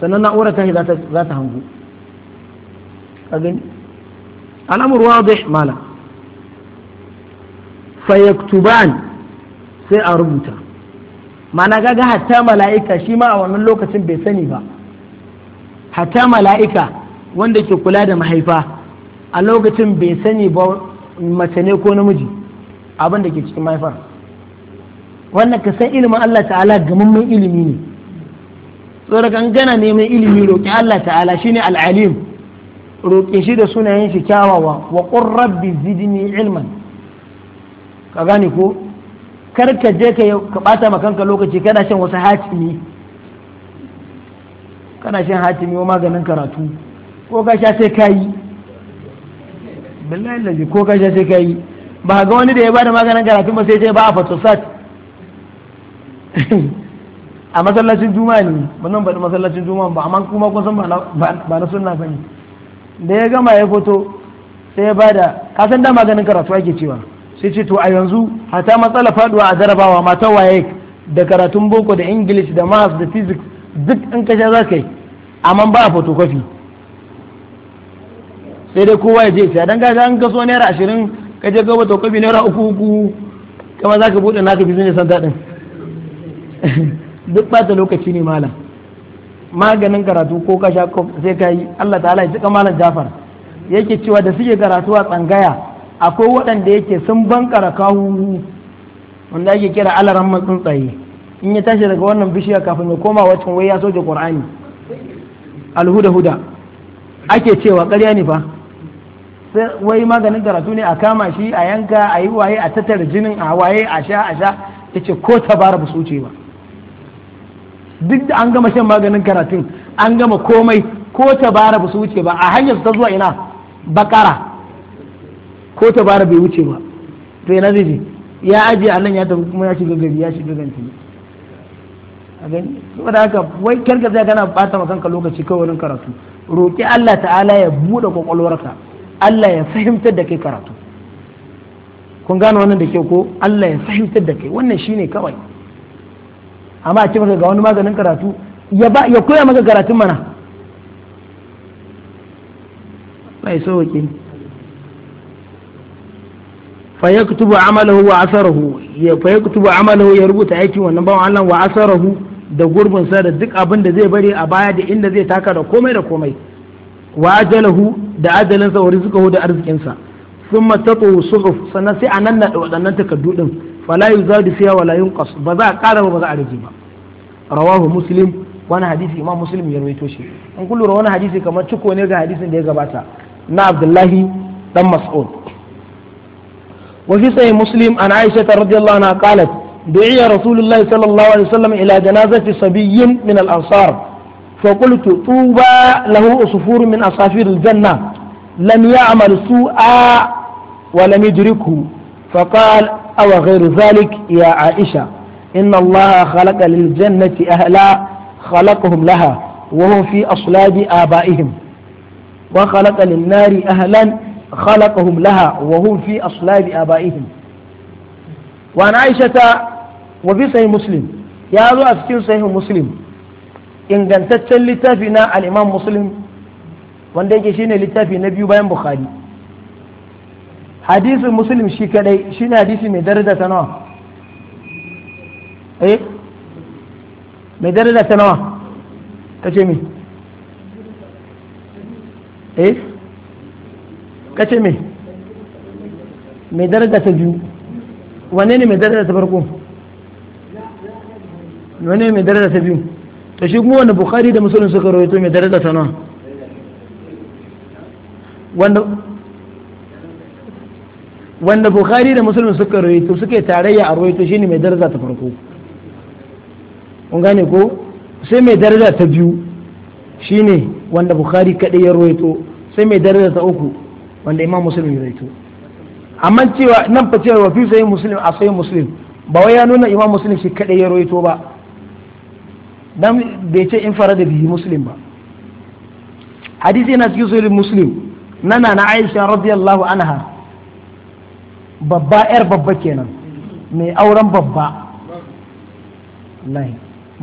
sannan na'urar ta za ta hangu abin al'amur wadih mala fayaktuban sai a rubuta mana gaga hatta mala'ika shi ma a wannan lokacin bai sani ba hatta mala'ika wanda ke kula da mahaifa a lokacin bai sani ba mace ne ko namiji abin da ke cikin mahaifar wannan ka san ilimin Allah ta'ala gamamman ilimi ne tsoron gana neman ilimi roƙi Allah ta'ala shine al'alim roƙin shi da sunayen shi kyawawa wa qur rabbi zidni ilman ka gane ko kar ka je ka ka bata ma kanka lokaci kana shan wasu hatimi kana shan hatimi wa maganin karatu ko ka sha sai kayi billahi lalle ko ka sha sai kayi ba ga wani da ya bada maganin karatu ba sai ce ba a fatosat a masallacin juma'a ne ba nan ba masallacin juma'a ba amma kuma kun san ba na sunna bane da ya gama ya fito sai ya bada kasan da maganin karatu ake cewa sai ce to a yanzu hata matsala faduwa a jarabawa mata waye da karatun boko da english da maths da physics duk in kashe za ka yi amma ba a photocopy sai dai kowa ya je sai dan gaji an kaso naira ashirin ka je gaba photocopy naira uku uku kama za ka buɗe naka business center din duk bata lokaci ne malam maganin karatu ko ka sha sai ka yi Allah ta'ala ya cika malam Jafar yake cewa da suke karatu a tsangaya akwai waɗanda yake sun bankara karakahu wanda ake kira alaran tsuntsaye in ya tashi daga wannan bishiya kafin ya koma wacin wai ya soke qur'ani alhuda huda ake cewa ƙarya ne fa wai maganin karatu ne a kama shi a yanka a yi waye a tattara jinin a waye a sha a sha yace ko tabara ba su ce ba duk da an gama shan maganin karatun an gama komai ko tabara ba su wuce ba a hanyar ta zuwa ina bakara ko tabara bai wuce ba to ina zai ya aje a nan ya tafi kuma ya shiga gari ya shiga ganti da haka wai karka zai kana bata ma kanka lokaci kawai wurin karatu roƙi Allah ta'ala ya buɗe kwakwalwarka Allah ya fahimtar da kai karatu kun gane wannan da ke ko Allah ya fahimtar da kai wannan shine kawai amma a ce maka ga wani maganin karatu ya koya maka karatun mana mai sauƙi fa amalahu wa asarahu ya fa amalahu ya rubuta aikin wannan bawan Allah wa asarahu da gurbin sa da duk abin da zai bari a baya da inda zai taka da komai da komai wa ajalahu da ajalinsa wa rizqahu da arzikinsa thumma tatu suhuf sannan sai a nan na waɗannan takardu ɗin wala yuzadu fiha wala yunqas ba za a ƙara ba za a rage ba rawahu muslim wani hadisi imam muslim ya rawaito shi an kullu wani hadisi kamar ciko ne ga hadisin da ya gabata na abdullahi dan mas'ud wa fi muslim an aisha radiyallahu anha qalat دعي رسول الله صلى الله عليه وسلم إلى جنازة صبي من الأنصار فقلت طوبى له أصفور من أصافير الجنة لم يعمل سوءا ولم يدركه فقال أو غير ذلك يا عائشة إن الله خلق للجنة أهلا خلقهم لها وهم في أصلاب آبائهم وخلق للنار أهلا خلقهم لها وهم في أصلاب آبائهم وعن عائشة وفي صحيح مسلم يا ذو أفتين صحيح مسلم إن كانت تتلتا فينا الإمام مسلم وان ديكي شيني لتا في نبي بيان بخاري hadisin musulun shi kadai shi ne hadisi mai daraja ta nawa eh mai daraja ta nawa kace me eh kace me mai daraja ta biyu wane ne mai daraja ta farko wane ne mai daraja ta biyu to shi kuma wanda bukari da musulun suka rawaito mai daraja ta nawa wanda wanda bukhari da musulmi suka rawaito suke tarayya a rawaito shine mai daraja ta farko kun gane ko sai mai daraja ta biyu shine wanda bukhari kadai ya rawaito sai mai daraja ta uku wanda imam musulmi ya rawaito amma cewa nan fa cewa wa fi sai muslim a sai muslim ba wai ya nuna imam muslim shi kadai ya rawaito ba dan bai ce in fara da bihi muslim ba hadisi yana cikin sahih muslim nana na aisha radiyallahu anha babba yar babba kenan mai auren babba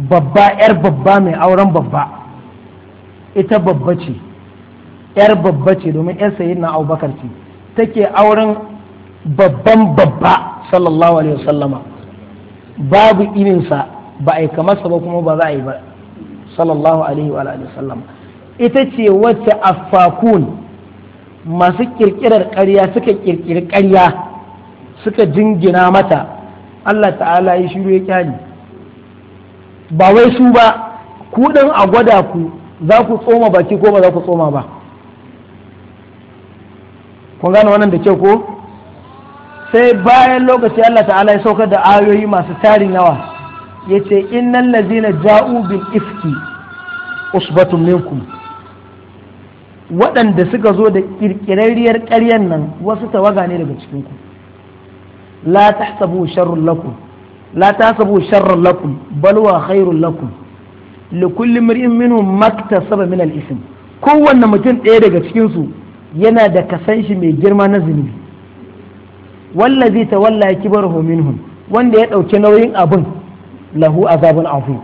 babba yar babba mai auren babba ita babba ce yar babba ce domin yar sayi na abubakar ce take auren babban babba sallallahu alaihi wasallama babu irinsa ba a yi kamarsa ba kuma ba za a yi ba sallallahu alaihi wa alihi wasallama ita ce wacce afakun masu kirkirar ƙarya suka kirkiri ƙarya suka jingina mata Allah ta'ala ya shiru ya kyali ba wai su ba ku a gwada ku za ku tsoma baki ko ba za ku tsoma ba kun gane wannan da kyau ko sai bayan lokaci Allah ta'ala ya saukar da ayoyi masu tarin yawa ya ce innan lazina ja'u bil ifki usbatun minkum waɗanda suka zo da ƙirƙirarriyar ƙaryan nan wasu tawaga ne daga cikinku la tahsabu sharrun lakum la tahsabu sharrun lakum bal wa khairun lakum li kulli mar'in minhum maktasaba min al-ism kowanne mutum ɗaya daga cikin su yana da kasanshi mai girma na zunubi wallazi tawalla kibaruhu minhum wanda ya dauke nauyin abun lahu azabun azim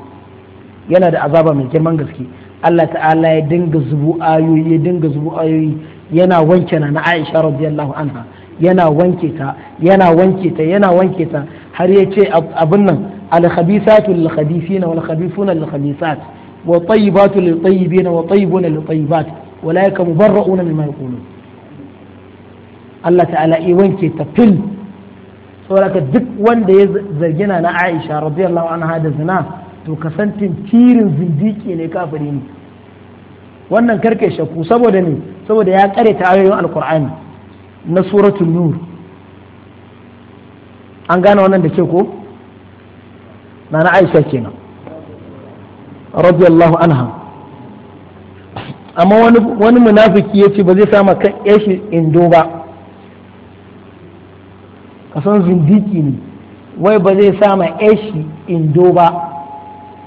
yana da azaba mai girman gaske Allah ta'ala ya dinga zubu ayoyi ya dinga zubu ayoyi yana wanke na Aisha radiyallahu anha yana wanke ta yana wanke ta yana wanke ta har ya ce abin nan al-khabithatu lil-khabithina wal-khabithuna lil-khabithat wa tayyibatu lil-tayyibina wa tayyibuna lil-tayyibat ulaika mubarra'una mimma yaqulun Allah ta'ala i wanke ta fil saboda duk wanda ya zargina na Aisha radiyallahu anha da zina to kasantin tirin zindiki ne kafiri ne wannan karke shakku saboda ne saboda ya kare ta ayoyin alkur'ani na suratul nur an gane wannan da ke ko na na aisha kenan radiyallahu anha amma wani munafiki ya ce ba zai sama kan yashi indo ba kasan zindiki ne wai ba zai sama yashi indo ba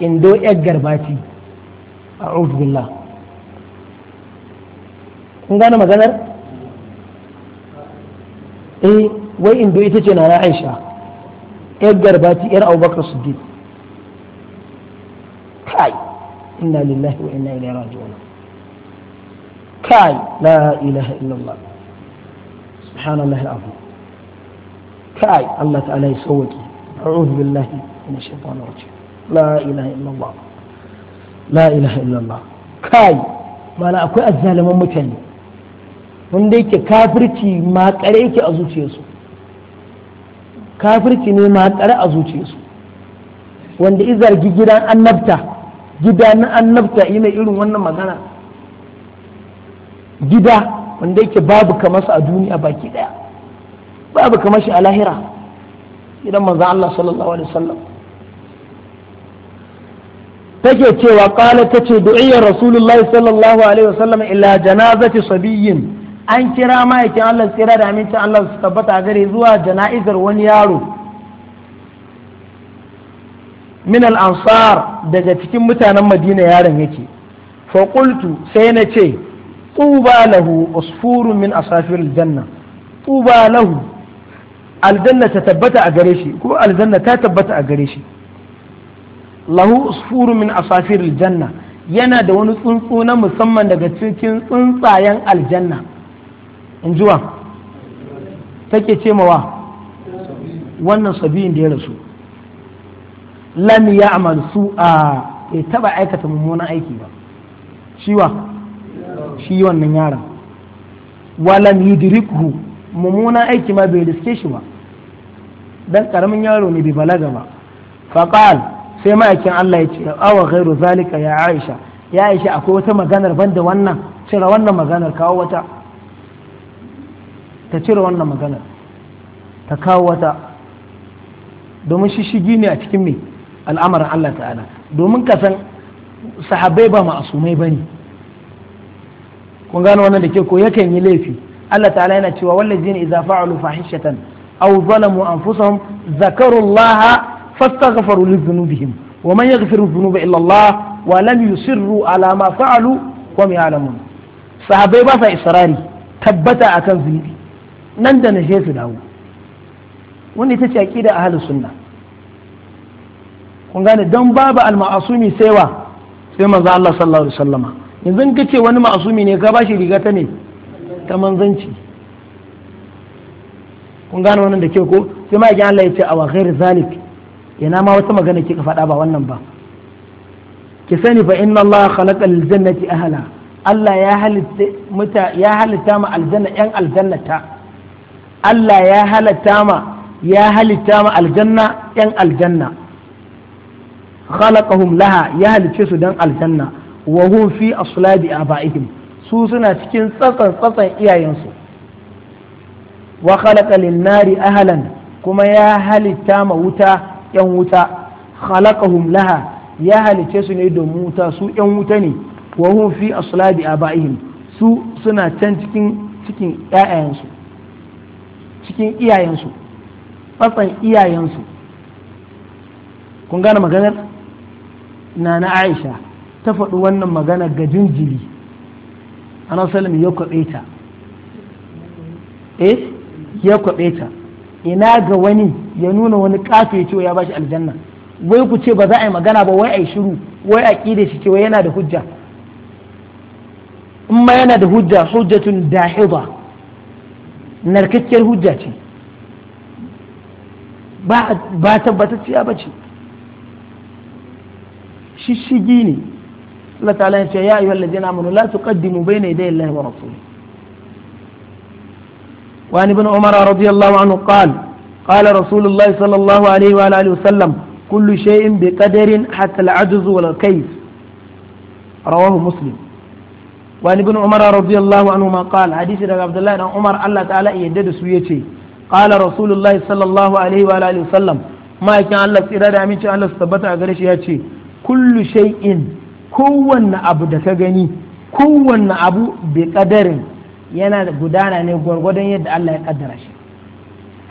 indo yar garbati a billah kun gane maganar إيه وين بيتجن على عائشة إجر باتي إر أو بكر الصديق كاي إنا لله وإنا إليه راجعون كاي لا إله إلا الله سبحان الله العظيم كاي الله تعالى يسوكي أعوذ بالله من الشيطان الرجيم لا إله إلا الله لا إله إلا الله كاي ما لا أكو أزال من متني wanda yake kafirci makare yake a zuciyarsu kafirci ne makare a zuciyarsu wanda izargi gidan annabta gida na annabta ina irin wannan magana gida wanda yake babu kamarsa a duniya baki daya babu kamar shi a lahira idan manzan Allah sallallahu alaihi wasallam take cewa kala tace du'iyar rasulullahi sallallahu alaihi wasallam ila janazati sabiyyin an kira ma'aikin Allah tsira da amincin Allah su tabbata gare zuwa jana'izar wani yaro min al-ansar daga cikin mutanen madina yaron yake faƙultu sai na ce tuba lahu usfurun min asafir aljanna tuba lahu aljanna ta tabbata a gare shi ko aljanna ta tabbata a gare shi lahu usfurun min asafir aljanna yana da wani tsuntsu na musamman daga cikin tsuntsayen aljanna in zuwa take ce mawa wannan sabiyin da ya rasu lam ya amal su a ya taba aikata mummunan aiki ba ciwa shi wannan yaron walam yudrikhu mummunan aiki ma bai riske shi ba dan karamin yaro ne bai balaga ba faqal sai ma'aikin Allah ya ce awa ghairu zalika ya Aisha ya Aisha akwai wata maganar banda wannan cira wannan maganar kawo wata ta cire wannan maganar ta kawo wata domin shi shigi ne a cikin mai al'amarin Allah ta'ala domin ka san sahabbai ba ma'asumai ba ne kun gano wannan da ke ko yakan yi laifi Allah ta'ala yana cewa wallazina idza fa'alu fahishatan aw zalamu anfusahum zakarullaha fastaghfaru lidhunubihim wa man yaghfiru dhunuba illa Allah wa lam yusirru ala ma fa'alu wa ya'lamun sahabbai ba sa israri tabbata akan zunubi nan da na su dawo wanda ita ce a ahlus sunna kun gane don babu al-ma'asumi sai wa sai manzo Allah sallallahu alaihi wasallama yanzu in kace wani ma'asumi ne ka bashi riga ta ne ta manzanci kun gane wannan da ke ko sai ma yake Allah ya ce a wa ghair zalik yana ma wata magana kika faɗa ba wannan ba ki sani fa inna Allah khalaqa al-jannati ahla Allah ya halitta ya halitta ma aljanna yan aljannata Allah ya halatta ma ya halitta ma aljanna yan aljanna khalaqahum laha ya halice su dan aljanna wa hum fi aslabi abaihim su suna cikin tsatsan tsatsan iyayensu wa khalaqa lin-nari ahlan kuma ya halitta ma wuta yan wuta khalaqahum laha ya halice su ne domin wuta su yan wuta ne wa hum fi aslabi abaihim su suna can cikin cikin ƴaƴayensu cikin iyayensu tsatsan iyayensu kun gane maganar na na aisha ta faɗi wannan magana ga jinjiri ana salim ya kwaɓe ta eh ya kwaɓe ta ina ga wani ya nuna wani kafe ya ya bashi aljanna wai ku ce ba za a yi magana ba wai a yi shiru wai a ƙide shi cewa yana da hujja in ma yana da hujja hujjatun dahiba narkakkiyar hujja ce ba tabbatacciya ba ce shishigi ne Allah ta'ala ya ce ya ayyuhal ladina amanu la tuqaddimu bayna yaday Allahi wa rasulih wa an ibn umar radiyallahu anhu qala قال رسول الله صلى الله عليه وآله وسلم كل شيء بقدر حتى العجز والكيف رواه مسلم wani bin umar radiyallahu anhu ma qal hadisi daga abdullahi dan umar allah ta'ala yadda da su yace qala rasulullahi sallallahu alaihi wa alihi sallam ma kin allah tsira da amince allah su tabbata ga gare shi yace kullu shay'in kowanne abu da ka gani kowanne abu bi qadarin yana gudana ne gurgurdan yadda allah ya kaddara shi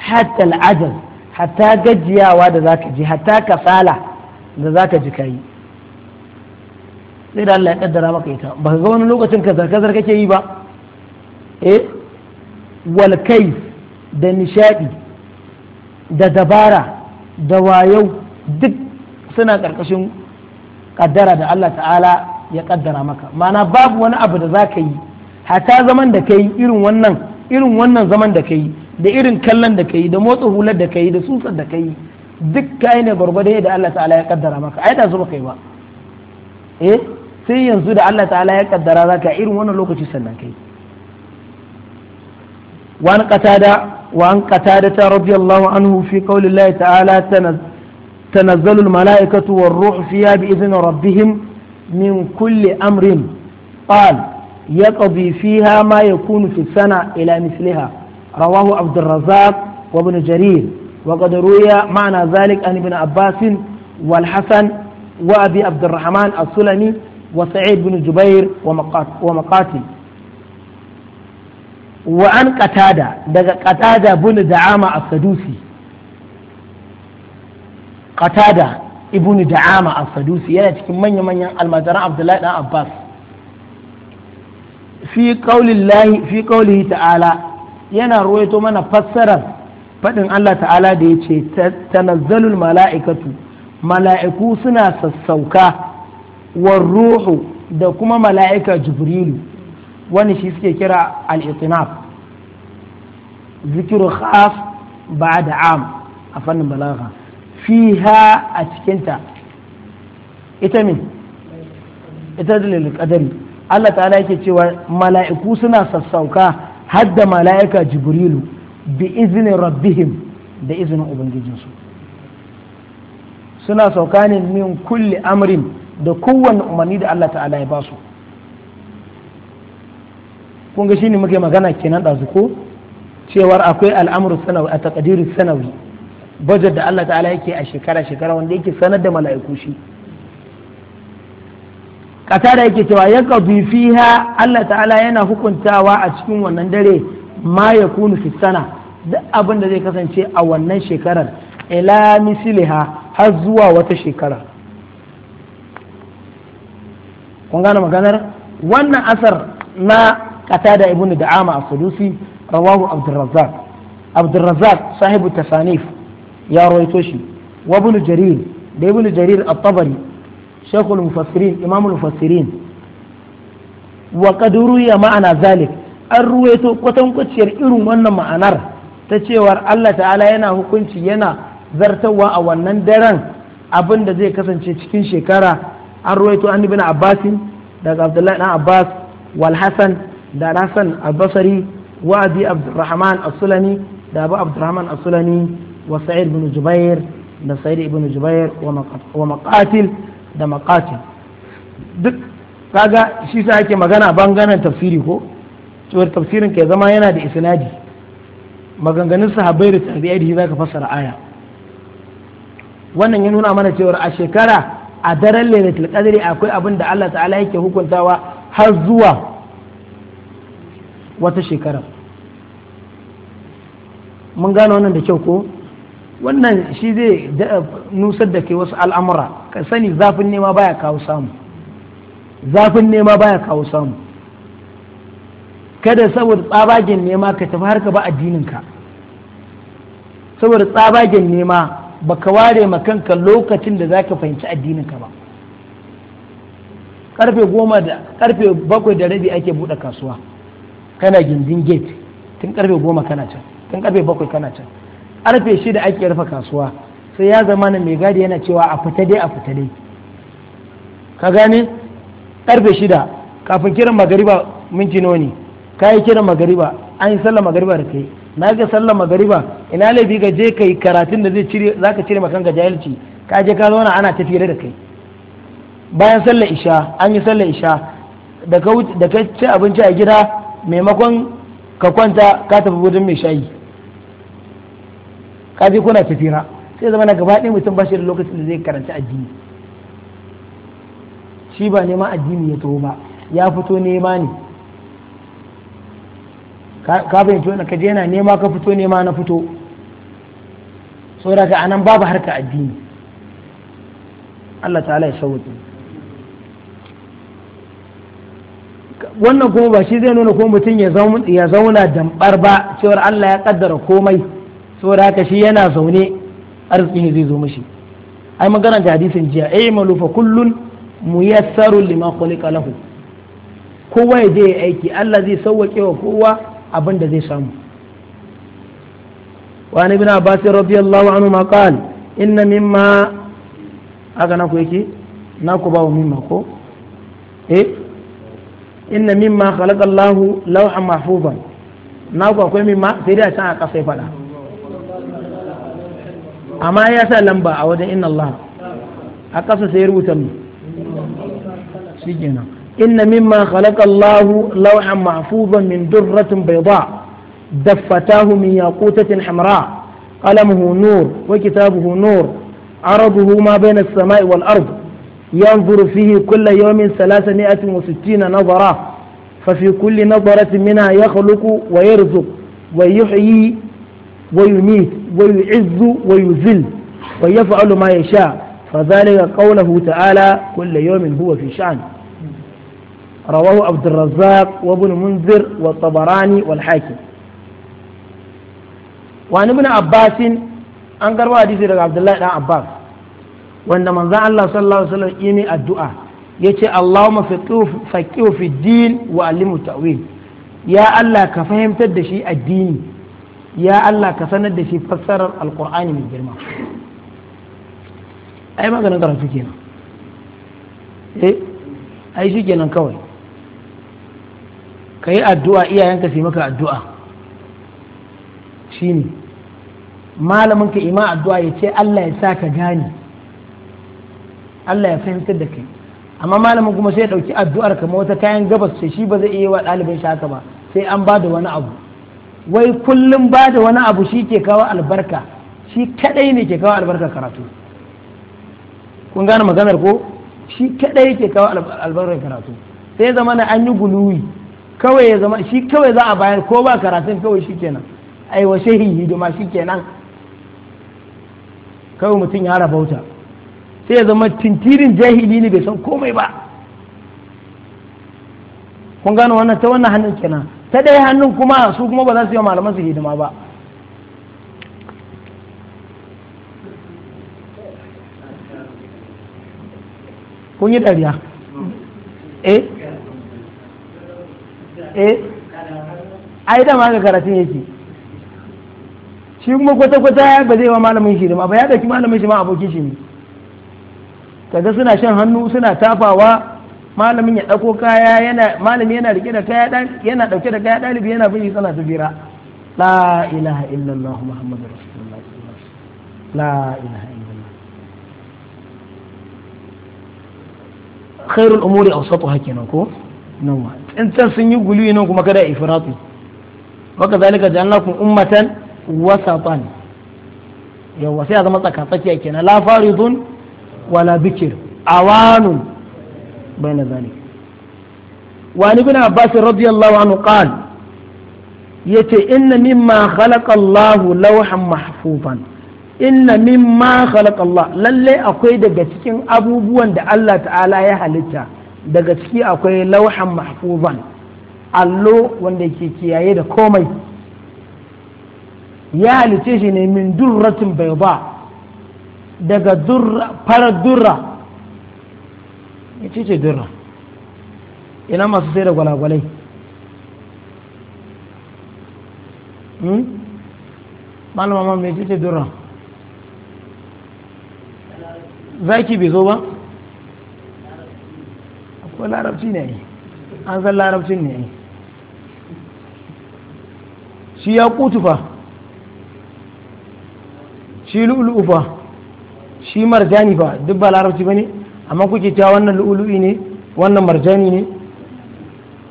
hatta al'ajal hatta gajiyawa da zaka ji hatta kasala da zaka ji kai sai da Allah ya kaddara maka ita ba ka ga wani lokacin ka kazar kake yi ba eh wal kai da nishadi da dabara da wayau duk suna karkashin kaddara da Allah ta'ala ya kaddara maka mana babu wani abu da za ka yi hata zaman da ka yi irin wannan irin wannan zaman da ka yi da irin kallon da ka yi da motsa hular da ka yi da susar da ka yi duk ka yi ne gwargwado da Allah ta'ala ya kaddara maka ai da zuwa kai ba eh sai yanzu da Allah ta'ala ya kaddara za ka irin wannan lokaci sannan kai wa'an qatada wa'an qatada ta radiyallahu anhu fi qaulillahi ta'ala tanazzalu almala'ikatu war-ruhu fiha bi'izni rabbihim min kulli amrin qal yaqdi fiha ma yakunu fi sana ila misliha rawahu abdurrazzaq wa jarir وقد روي معنى ذلك عن ابن عباس والحسن وابي عبد Wasu abin zubair wa makatin wa an katada daga katada ibun daɗama a sadusi katada yana cikin manya manyan almajiran abdulaiyya na abas fi kawulilahi fi kawuliyyii ta'ala yana ruwaito mana fassarar fadin allah ta'ala da yace ta tanzalul mala'ikatu mala'iku suna sassauka. Warruhu da kuma mala'ika jibrilu wani shi suke kira al-itinaf zikiru khas ba da am a fannin balaga fiha a cikinta ita min ita dalilin kadari Allah ta'ala yake cewa mala'iku suna sassauka har da mala'ika jibrilu bi izinin rabbihim da izinin ubangijinsu suna sauka ne min kulli amrin da kowane umarni da Allah ta'ala ya ba su kun ga shine muke magana kenan ɗazu ko cewar akwai al'amuru sanawi a takadirin sanawi budget da Allah ta'ala yake a shekara-shekara wanda yake sanar da mala'iku shi kata da yake cewa ya fiha Allah ta'ala yana hukuntawa a cikin wannan dare ma ya kunu fi sana duk abin da zai kasance a wannan shekarar ila misliha har zuwa wata shekarar. kun gane maganar wannan asar na qatada ibn da'ama a sudusi rawahu abdurrazzaq abdurrazzaq sahibu tasanif ya rawaito shi wa ibn jarir da ibn jarir at-tabari shaykhul mufassirin imamul mufassirin wa qad ruya ma'ana zalik an ruwaito kwatankwaciyar irin wannan ma'anar ta cewar Allah ta'ala yana hukunci yana zartarwa a wannan daren abin da zai kasance cikin shekara an ruwaito an ibn abbas daga abdullahi dan abbas wal hasan da hasan al wa abi abdurrahman as-sulami da abu abdurrahman as-sulami wa sa'id ibn jubair da sa'id ibn jubair wa maqatil da maqatil duk kaga shi sa ake magana bangaren tafsiri ko tsohon tafsirin ke zama yana da isnadi maganganun sahabbai da tabi'ai da zaka fassara aya wannan ya nuna mana cewa a shekara a daren lailatul qadri akwai abin da Allah ta'ala yake hukuntawa har zuwa wata shekara mun gano wannan da kyau ko wannan shi zai nusar da ke wasu al'amura ka sani zafin nema baya kawo samu zafin nema baya kawo samu kada saboda tsabagen nema ka tafi harka ba addininka saboda tsabagen nema baka ware ma kanka lokacin da zaka fahimci addinin ka ba karfe goma da karfe bakwai da rabi ake buɗe kasuwa kana gindin gate tun karfe goma kana can tun karfe bakwai kana can karfe shida ake rufe kasuwa sai ya zama na mai gadi yana cewa a fita dai a fita dai ka gane karfe shida kafin kiran magariba minti nawa ne kayi kiran magariba an yi sallar magariba da kai na ga sallar magariba ina laifi ka je kai karatun da zai cire zaka cire maka ga jahilci ka je ka zauna ana tafiyar da kai bayan sallar isha an yi sallar isha da ka ci abinci a gida maimakon ka kwanta ka tafi wurin mai shayi ka je kuna tafira sai zama na gaba ɗaya mutum ba shi da lokacin da zai karanta addini shi ba neman addini ya taho ba ya fito nema ne ka fahimci wani ka je yana nema ka fito nema na fito saboda ka anan babu harka addini Allah ta'ala ya sauke wannan kuma ba shi zai nuna ko mutum ya zauna dambar ba cewar Allah ya kaddara komai saboda haka shi yana zaune ne zai zo mishi ai magana ta hadisin jiya ai malufa kullun muyassarul liman khuliqa lahu kowa ya je aiki Allah zai sauwake wa kowa abin da zai samu wa bin abbas radiyallahu anhu ma qala inna mimma aga na ku yake na ku bawo mimma ko eh inna mimma khalaqa Allah lawhan mahfuzan na ku akwai mimma sai dai a can a kasa fada amma ya sa lamba a wajen inna Allah a kasa sai rubuta mu shi kenan إن مما خلق الله لوحا محفوظا من درة بيضاء دفتاه من ياقوتة حمراء قلمه نور وكتابه نور عرضه ما بين السماء والأرض ينظر فيه كل يوم ثلاثمائة وستين نظرة ففي كل نظرة منها يخلق ويرزق ويحيي ويميت ويعز ويذل ويفعل ما يشاء فذلك قوله تعالى كل يوم هو في شأن rawahu abdurrazzaq wa ibn munzir wa tabarani wal hakim wa ibn abbas an garba hadisi daga abdullahi dan abbas wanda manzon Allah sallallahu alaihi wasallam yimi addu'a yace Allahumma faqihu fi din wa alimu ta'wil ya Allah ka fahimtar da shi addini ya Allah ka sanar da shi fassarar alqur'ani mai girma ai maganin karatu kenan eh ai shi kenan kawai ka yi addu'a iyayenka su yi maka addu'a shi ne malamin ka ima addu'a ya ce Allah ya sa ka gane Allah ya fahimtar da kai amma malamin kuma sai ya ɗauki addu'ar kamar wata kayan gabas sai shi ba zai iya wa ɗalibin shi haka ba sai an ba da wani abu wai kullum ba da wani abu shi ke kawo albarka shi kadai ne ke kawo albarka karatu kun gane maganar ko shi kadai ke kawo albarka karatu sai zama na an yi guluwi kawai ya zama shi kawai za a bayar ko ba karatun kawai shi kenan ai wa shehi hidima shi kenan kawai mutum ya rabauta sai ya zama tintirin jahili ne bai san komai ba kun gano wannan ta wannan hannun kenan ta ɗaya hannun kuma su kuma ba za su yi malaman su hidima ba kun yi ɗariya eh eh ai da ma karatun yake shi kuma kwata kwata ba zai wa malamin shi ba ya dauki malamin shi ma abokin shi ne kaga suna shan hannu suna tafawa malamin ya dauko kaya yana malami yana rike da kaya yana dauke da kaya dalibi yana bin shi sana tafira la ilaha illallah muhammadur rasulullah la ilaha illallah khairul umuri awsatuha kenan ko nawa in can sun yi guluyi nan kuma kada ifratu waka zalika jannakum ummatan wasatan yawa sai zama tsakatsakiya na la faridun wala bikir awanun bayna zalika wa ni bin abbas radiyallahu anhu qal yace inna mimma khalaqa allah lawhan mahfufan inna mimma khalaqa allah lalle akwai daga cikin abubuwan da allah ta'ala ya halitta daga ciki akwai lauhan mahfuzan allo wanda ke kiyaye da komai ya halice shi ne min durratin bai ba daga fara durra ya ce ce durra ina masu sai da gwalagwalai hmm? malama mai ce ce durra zaki bai zo ba ko larabci ne yi an san larabcin ne yi shi ya kutu fa shi fa shi marjani fa duk ba larabci ba ne amma kuke ta wannan lu'ulu'i ne wannan marjani ne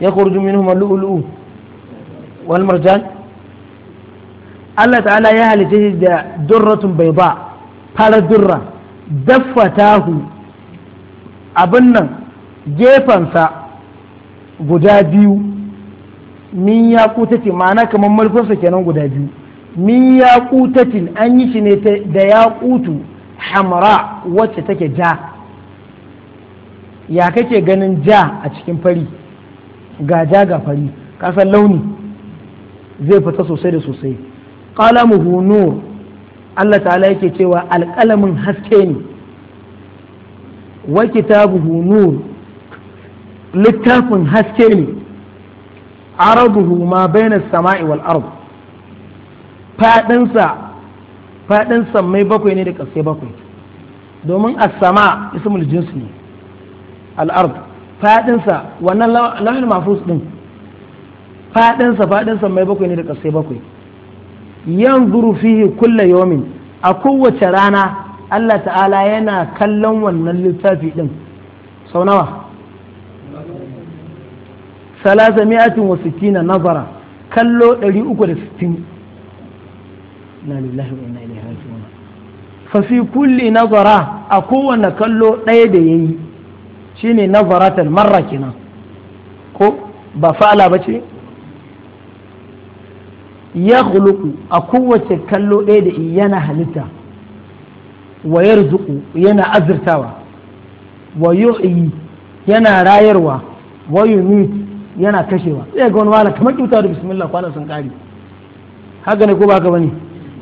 ya kurju minhum lu'ulu'u wal marjan Allah ta'ala ya halitta shi da durratun bai ba fara durra tahu abin nan gefensa guda biyu min ya kutace ma'ana kamar ke kenan guda biyu min ya kutatin an yi shi ne da ya kutu hamra wacce take ja ya kake ganin ja a cikin fari ga ja ga fari kasan launi zai fita sosai da sosai kalamuhu nur Allah ta'ala yake cewa alƙalamin haske ne wa kitabuhu nur littafin haske ne arabuhu ma baina sama'i wal ard fadinsa fadin sammai bakwai ne da ƙasai bakwai domin as-sama ismul jinsi ne al-ard fadinsa wannan lawal mafus din fadinsa fadin sammai bakwai ne da ƙasai bakwai yanzuru fihi kulla yawmin a kowace rana Allah ta'ala yana kallon wannan littafi din sau nawa salasa mi'atin wa sittina nazara kallo 360 na lillahi wa ilaihi raji'un fa fi kulli nazara a kowanne kallo ɗaya da yayi shine nazaratul marra kenan ko ba fa'ala ba ce? ya khuluqu a kowace kallo ɗaya da yana halitta wa yarzuqu yana azurtawa wa yana rayarwa wa yana kashewa sai ga wani wala kamar kyauta da bismillah kwana sun kare haka ne ko ba ka bane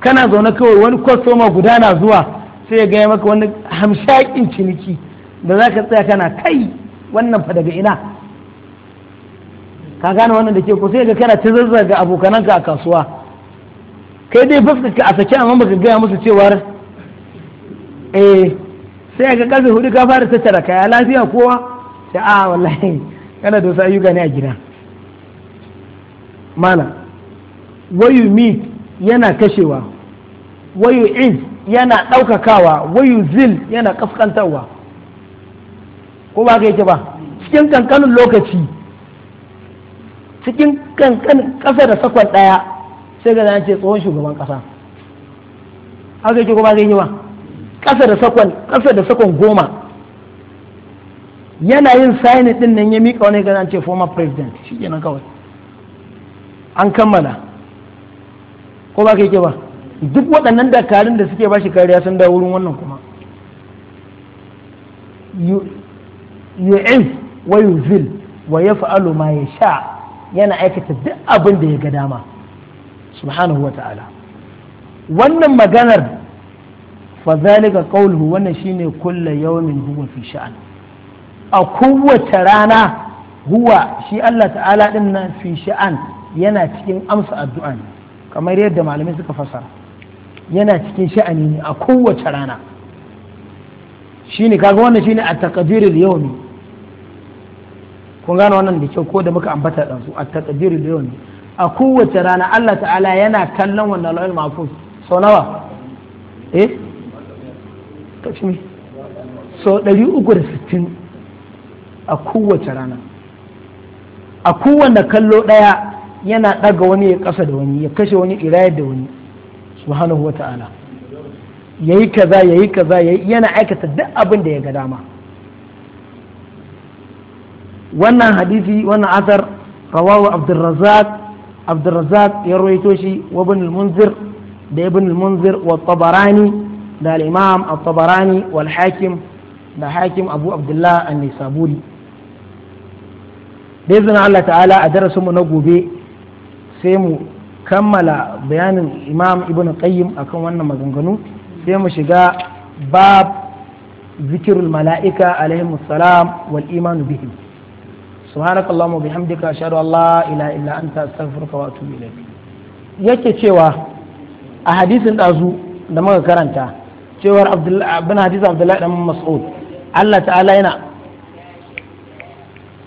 kana zaune kawai wani kwastoma guda na zuwa sai ya gaya maka wani hamshakin ciniki da za ka tsaya kana kai wannan fa daga ina ka gane wannan da ke ko sai ga kana ta zazzaga abokananka a kasuwa kai dai fuskarka a sake amma baka gaya musu cewar eh sai ga karfe hudu ka fara tattara kaya lafiya kowa sai a ah, wallahi yana da wasu ayyuka ne a gida mana wayu mit yana kashewa wayu iz yana ɗaukakawa wayu zil yana ƙasƙantarwa ko ba ka yake ba cikin kankanin lokaci cikin kankanin ƙasa da sakon ɗaya sai ga an ce tsohon shugaban ƙasa haka yake ko ba ka yake ba ƙasa da sakon goma yana yin signing din nan ya miƙa wani gana ce former president shi nan kawai an kammala ko ba ka ke ba duk waɗannan dakarun da suke bashi kariya sun da wurin wannan kuma yu'in wa ya wa yaf'alu ma sha yana aikata duk abin da ya ga dama subhanahu wa ta'ala wannan maganar fa zalika qawluhu wannan shine kulle yawmin huwa fi sha'an a kowace rana huwa shi Allah ta'ala din nan fi sha'an yana cikin amsa addu'a ne kamar yadda malamai suka fasara yana cikin sha'ani ne a kowace rana shine kaga wannan shine a taqdiril yawmi kun gane wannan da kyau ko da muka ambata dan su a taqdiril yawmi a kowace rana Allah ta'ala yana kallon wannan lawal mafus so nawa eh kashi so 360 a kowace rana a kowane kallo ɗaya yana ɗaga wani ya ƙasa da wani ya kashe wani irayar da wani subhanahu wa ta'ala ya yi kaza ya yi kaza yana aikata duk abin da ya ga dama wannan hadisi wannan asar rawawa abdulrazak abdulrazak ya rawaito shi wa munzir da ibn al-munzir wa tabarani da al-imam at-tabarani wal hakim da hakim abu abdullah an-nisaburi da Allah ta'ala a darasin mu na gobe sai mu kammala bayanin imam ibn qayyim akan wannan maganganu sai mu shiga bab zikirul mala'ika alaihim salam wal imanu bihim سبحانك اللهم وبحمدك أشهد أن لا إله إلا أنت أستغفرك وأتوب إليك yake cewa a hadisin ɗazu da muka karanta cewar abdullahi bin hadisi abdullahi dan mas'ud Allah ta'ala yana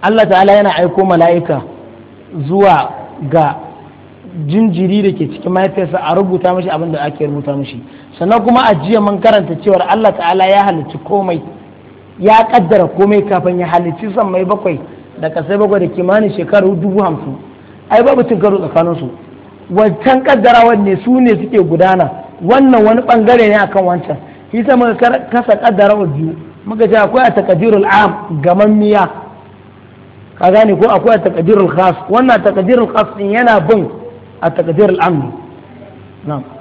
Allah ta'ala yana aiko mala'ika zuwa ga jinjiri da ke cikin mahaifiyarsa a rubuta mashi abin da ake rubuta mashi sannan kuma a jiya mun karanta cewar Allah ta'ala ya halicci komai ya kaddara komai kafin ya halicci mai bakwai da kasai bakwai da kimanin shekaru dubu hamsin ai babu cin karo tsakaninsu wancan kaddara ne su ne suke gudana wannan wani bangare ne akan wancan shi muka kasa wa biyu muka ce akwai a takadirul am gamammiya ka gane ko akwai a taqdirul khas wannan takadirin khas din yana bin a taqdirul amni na'am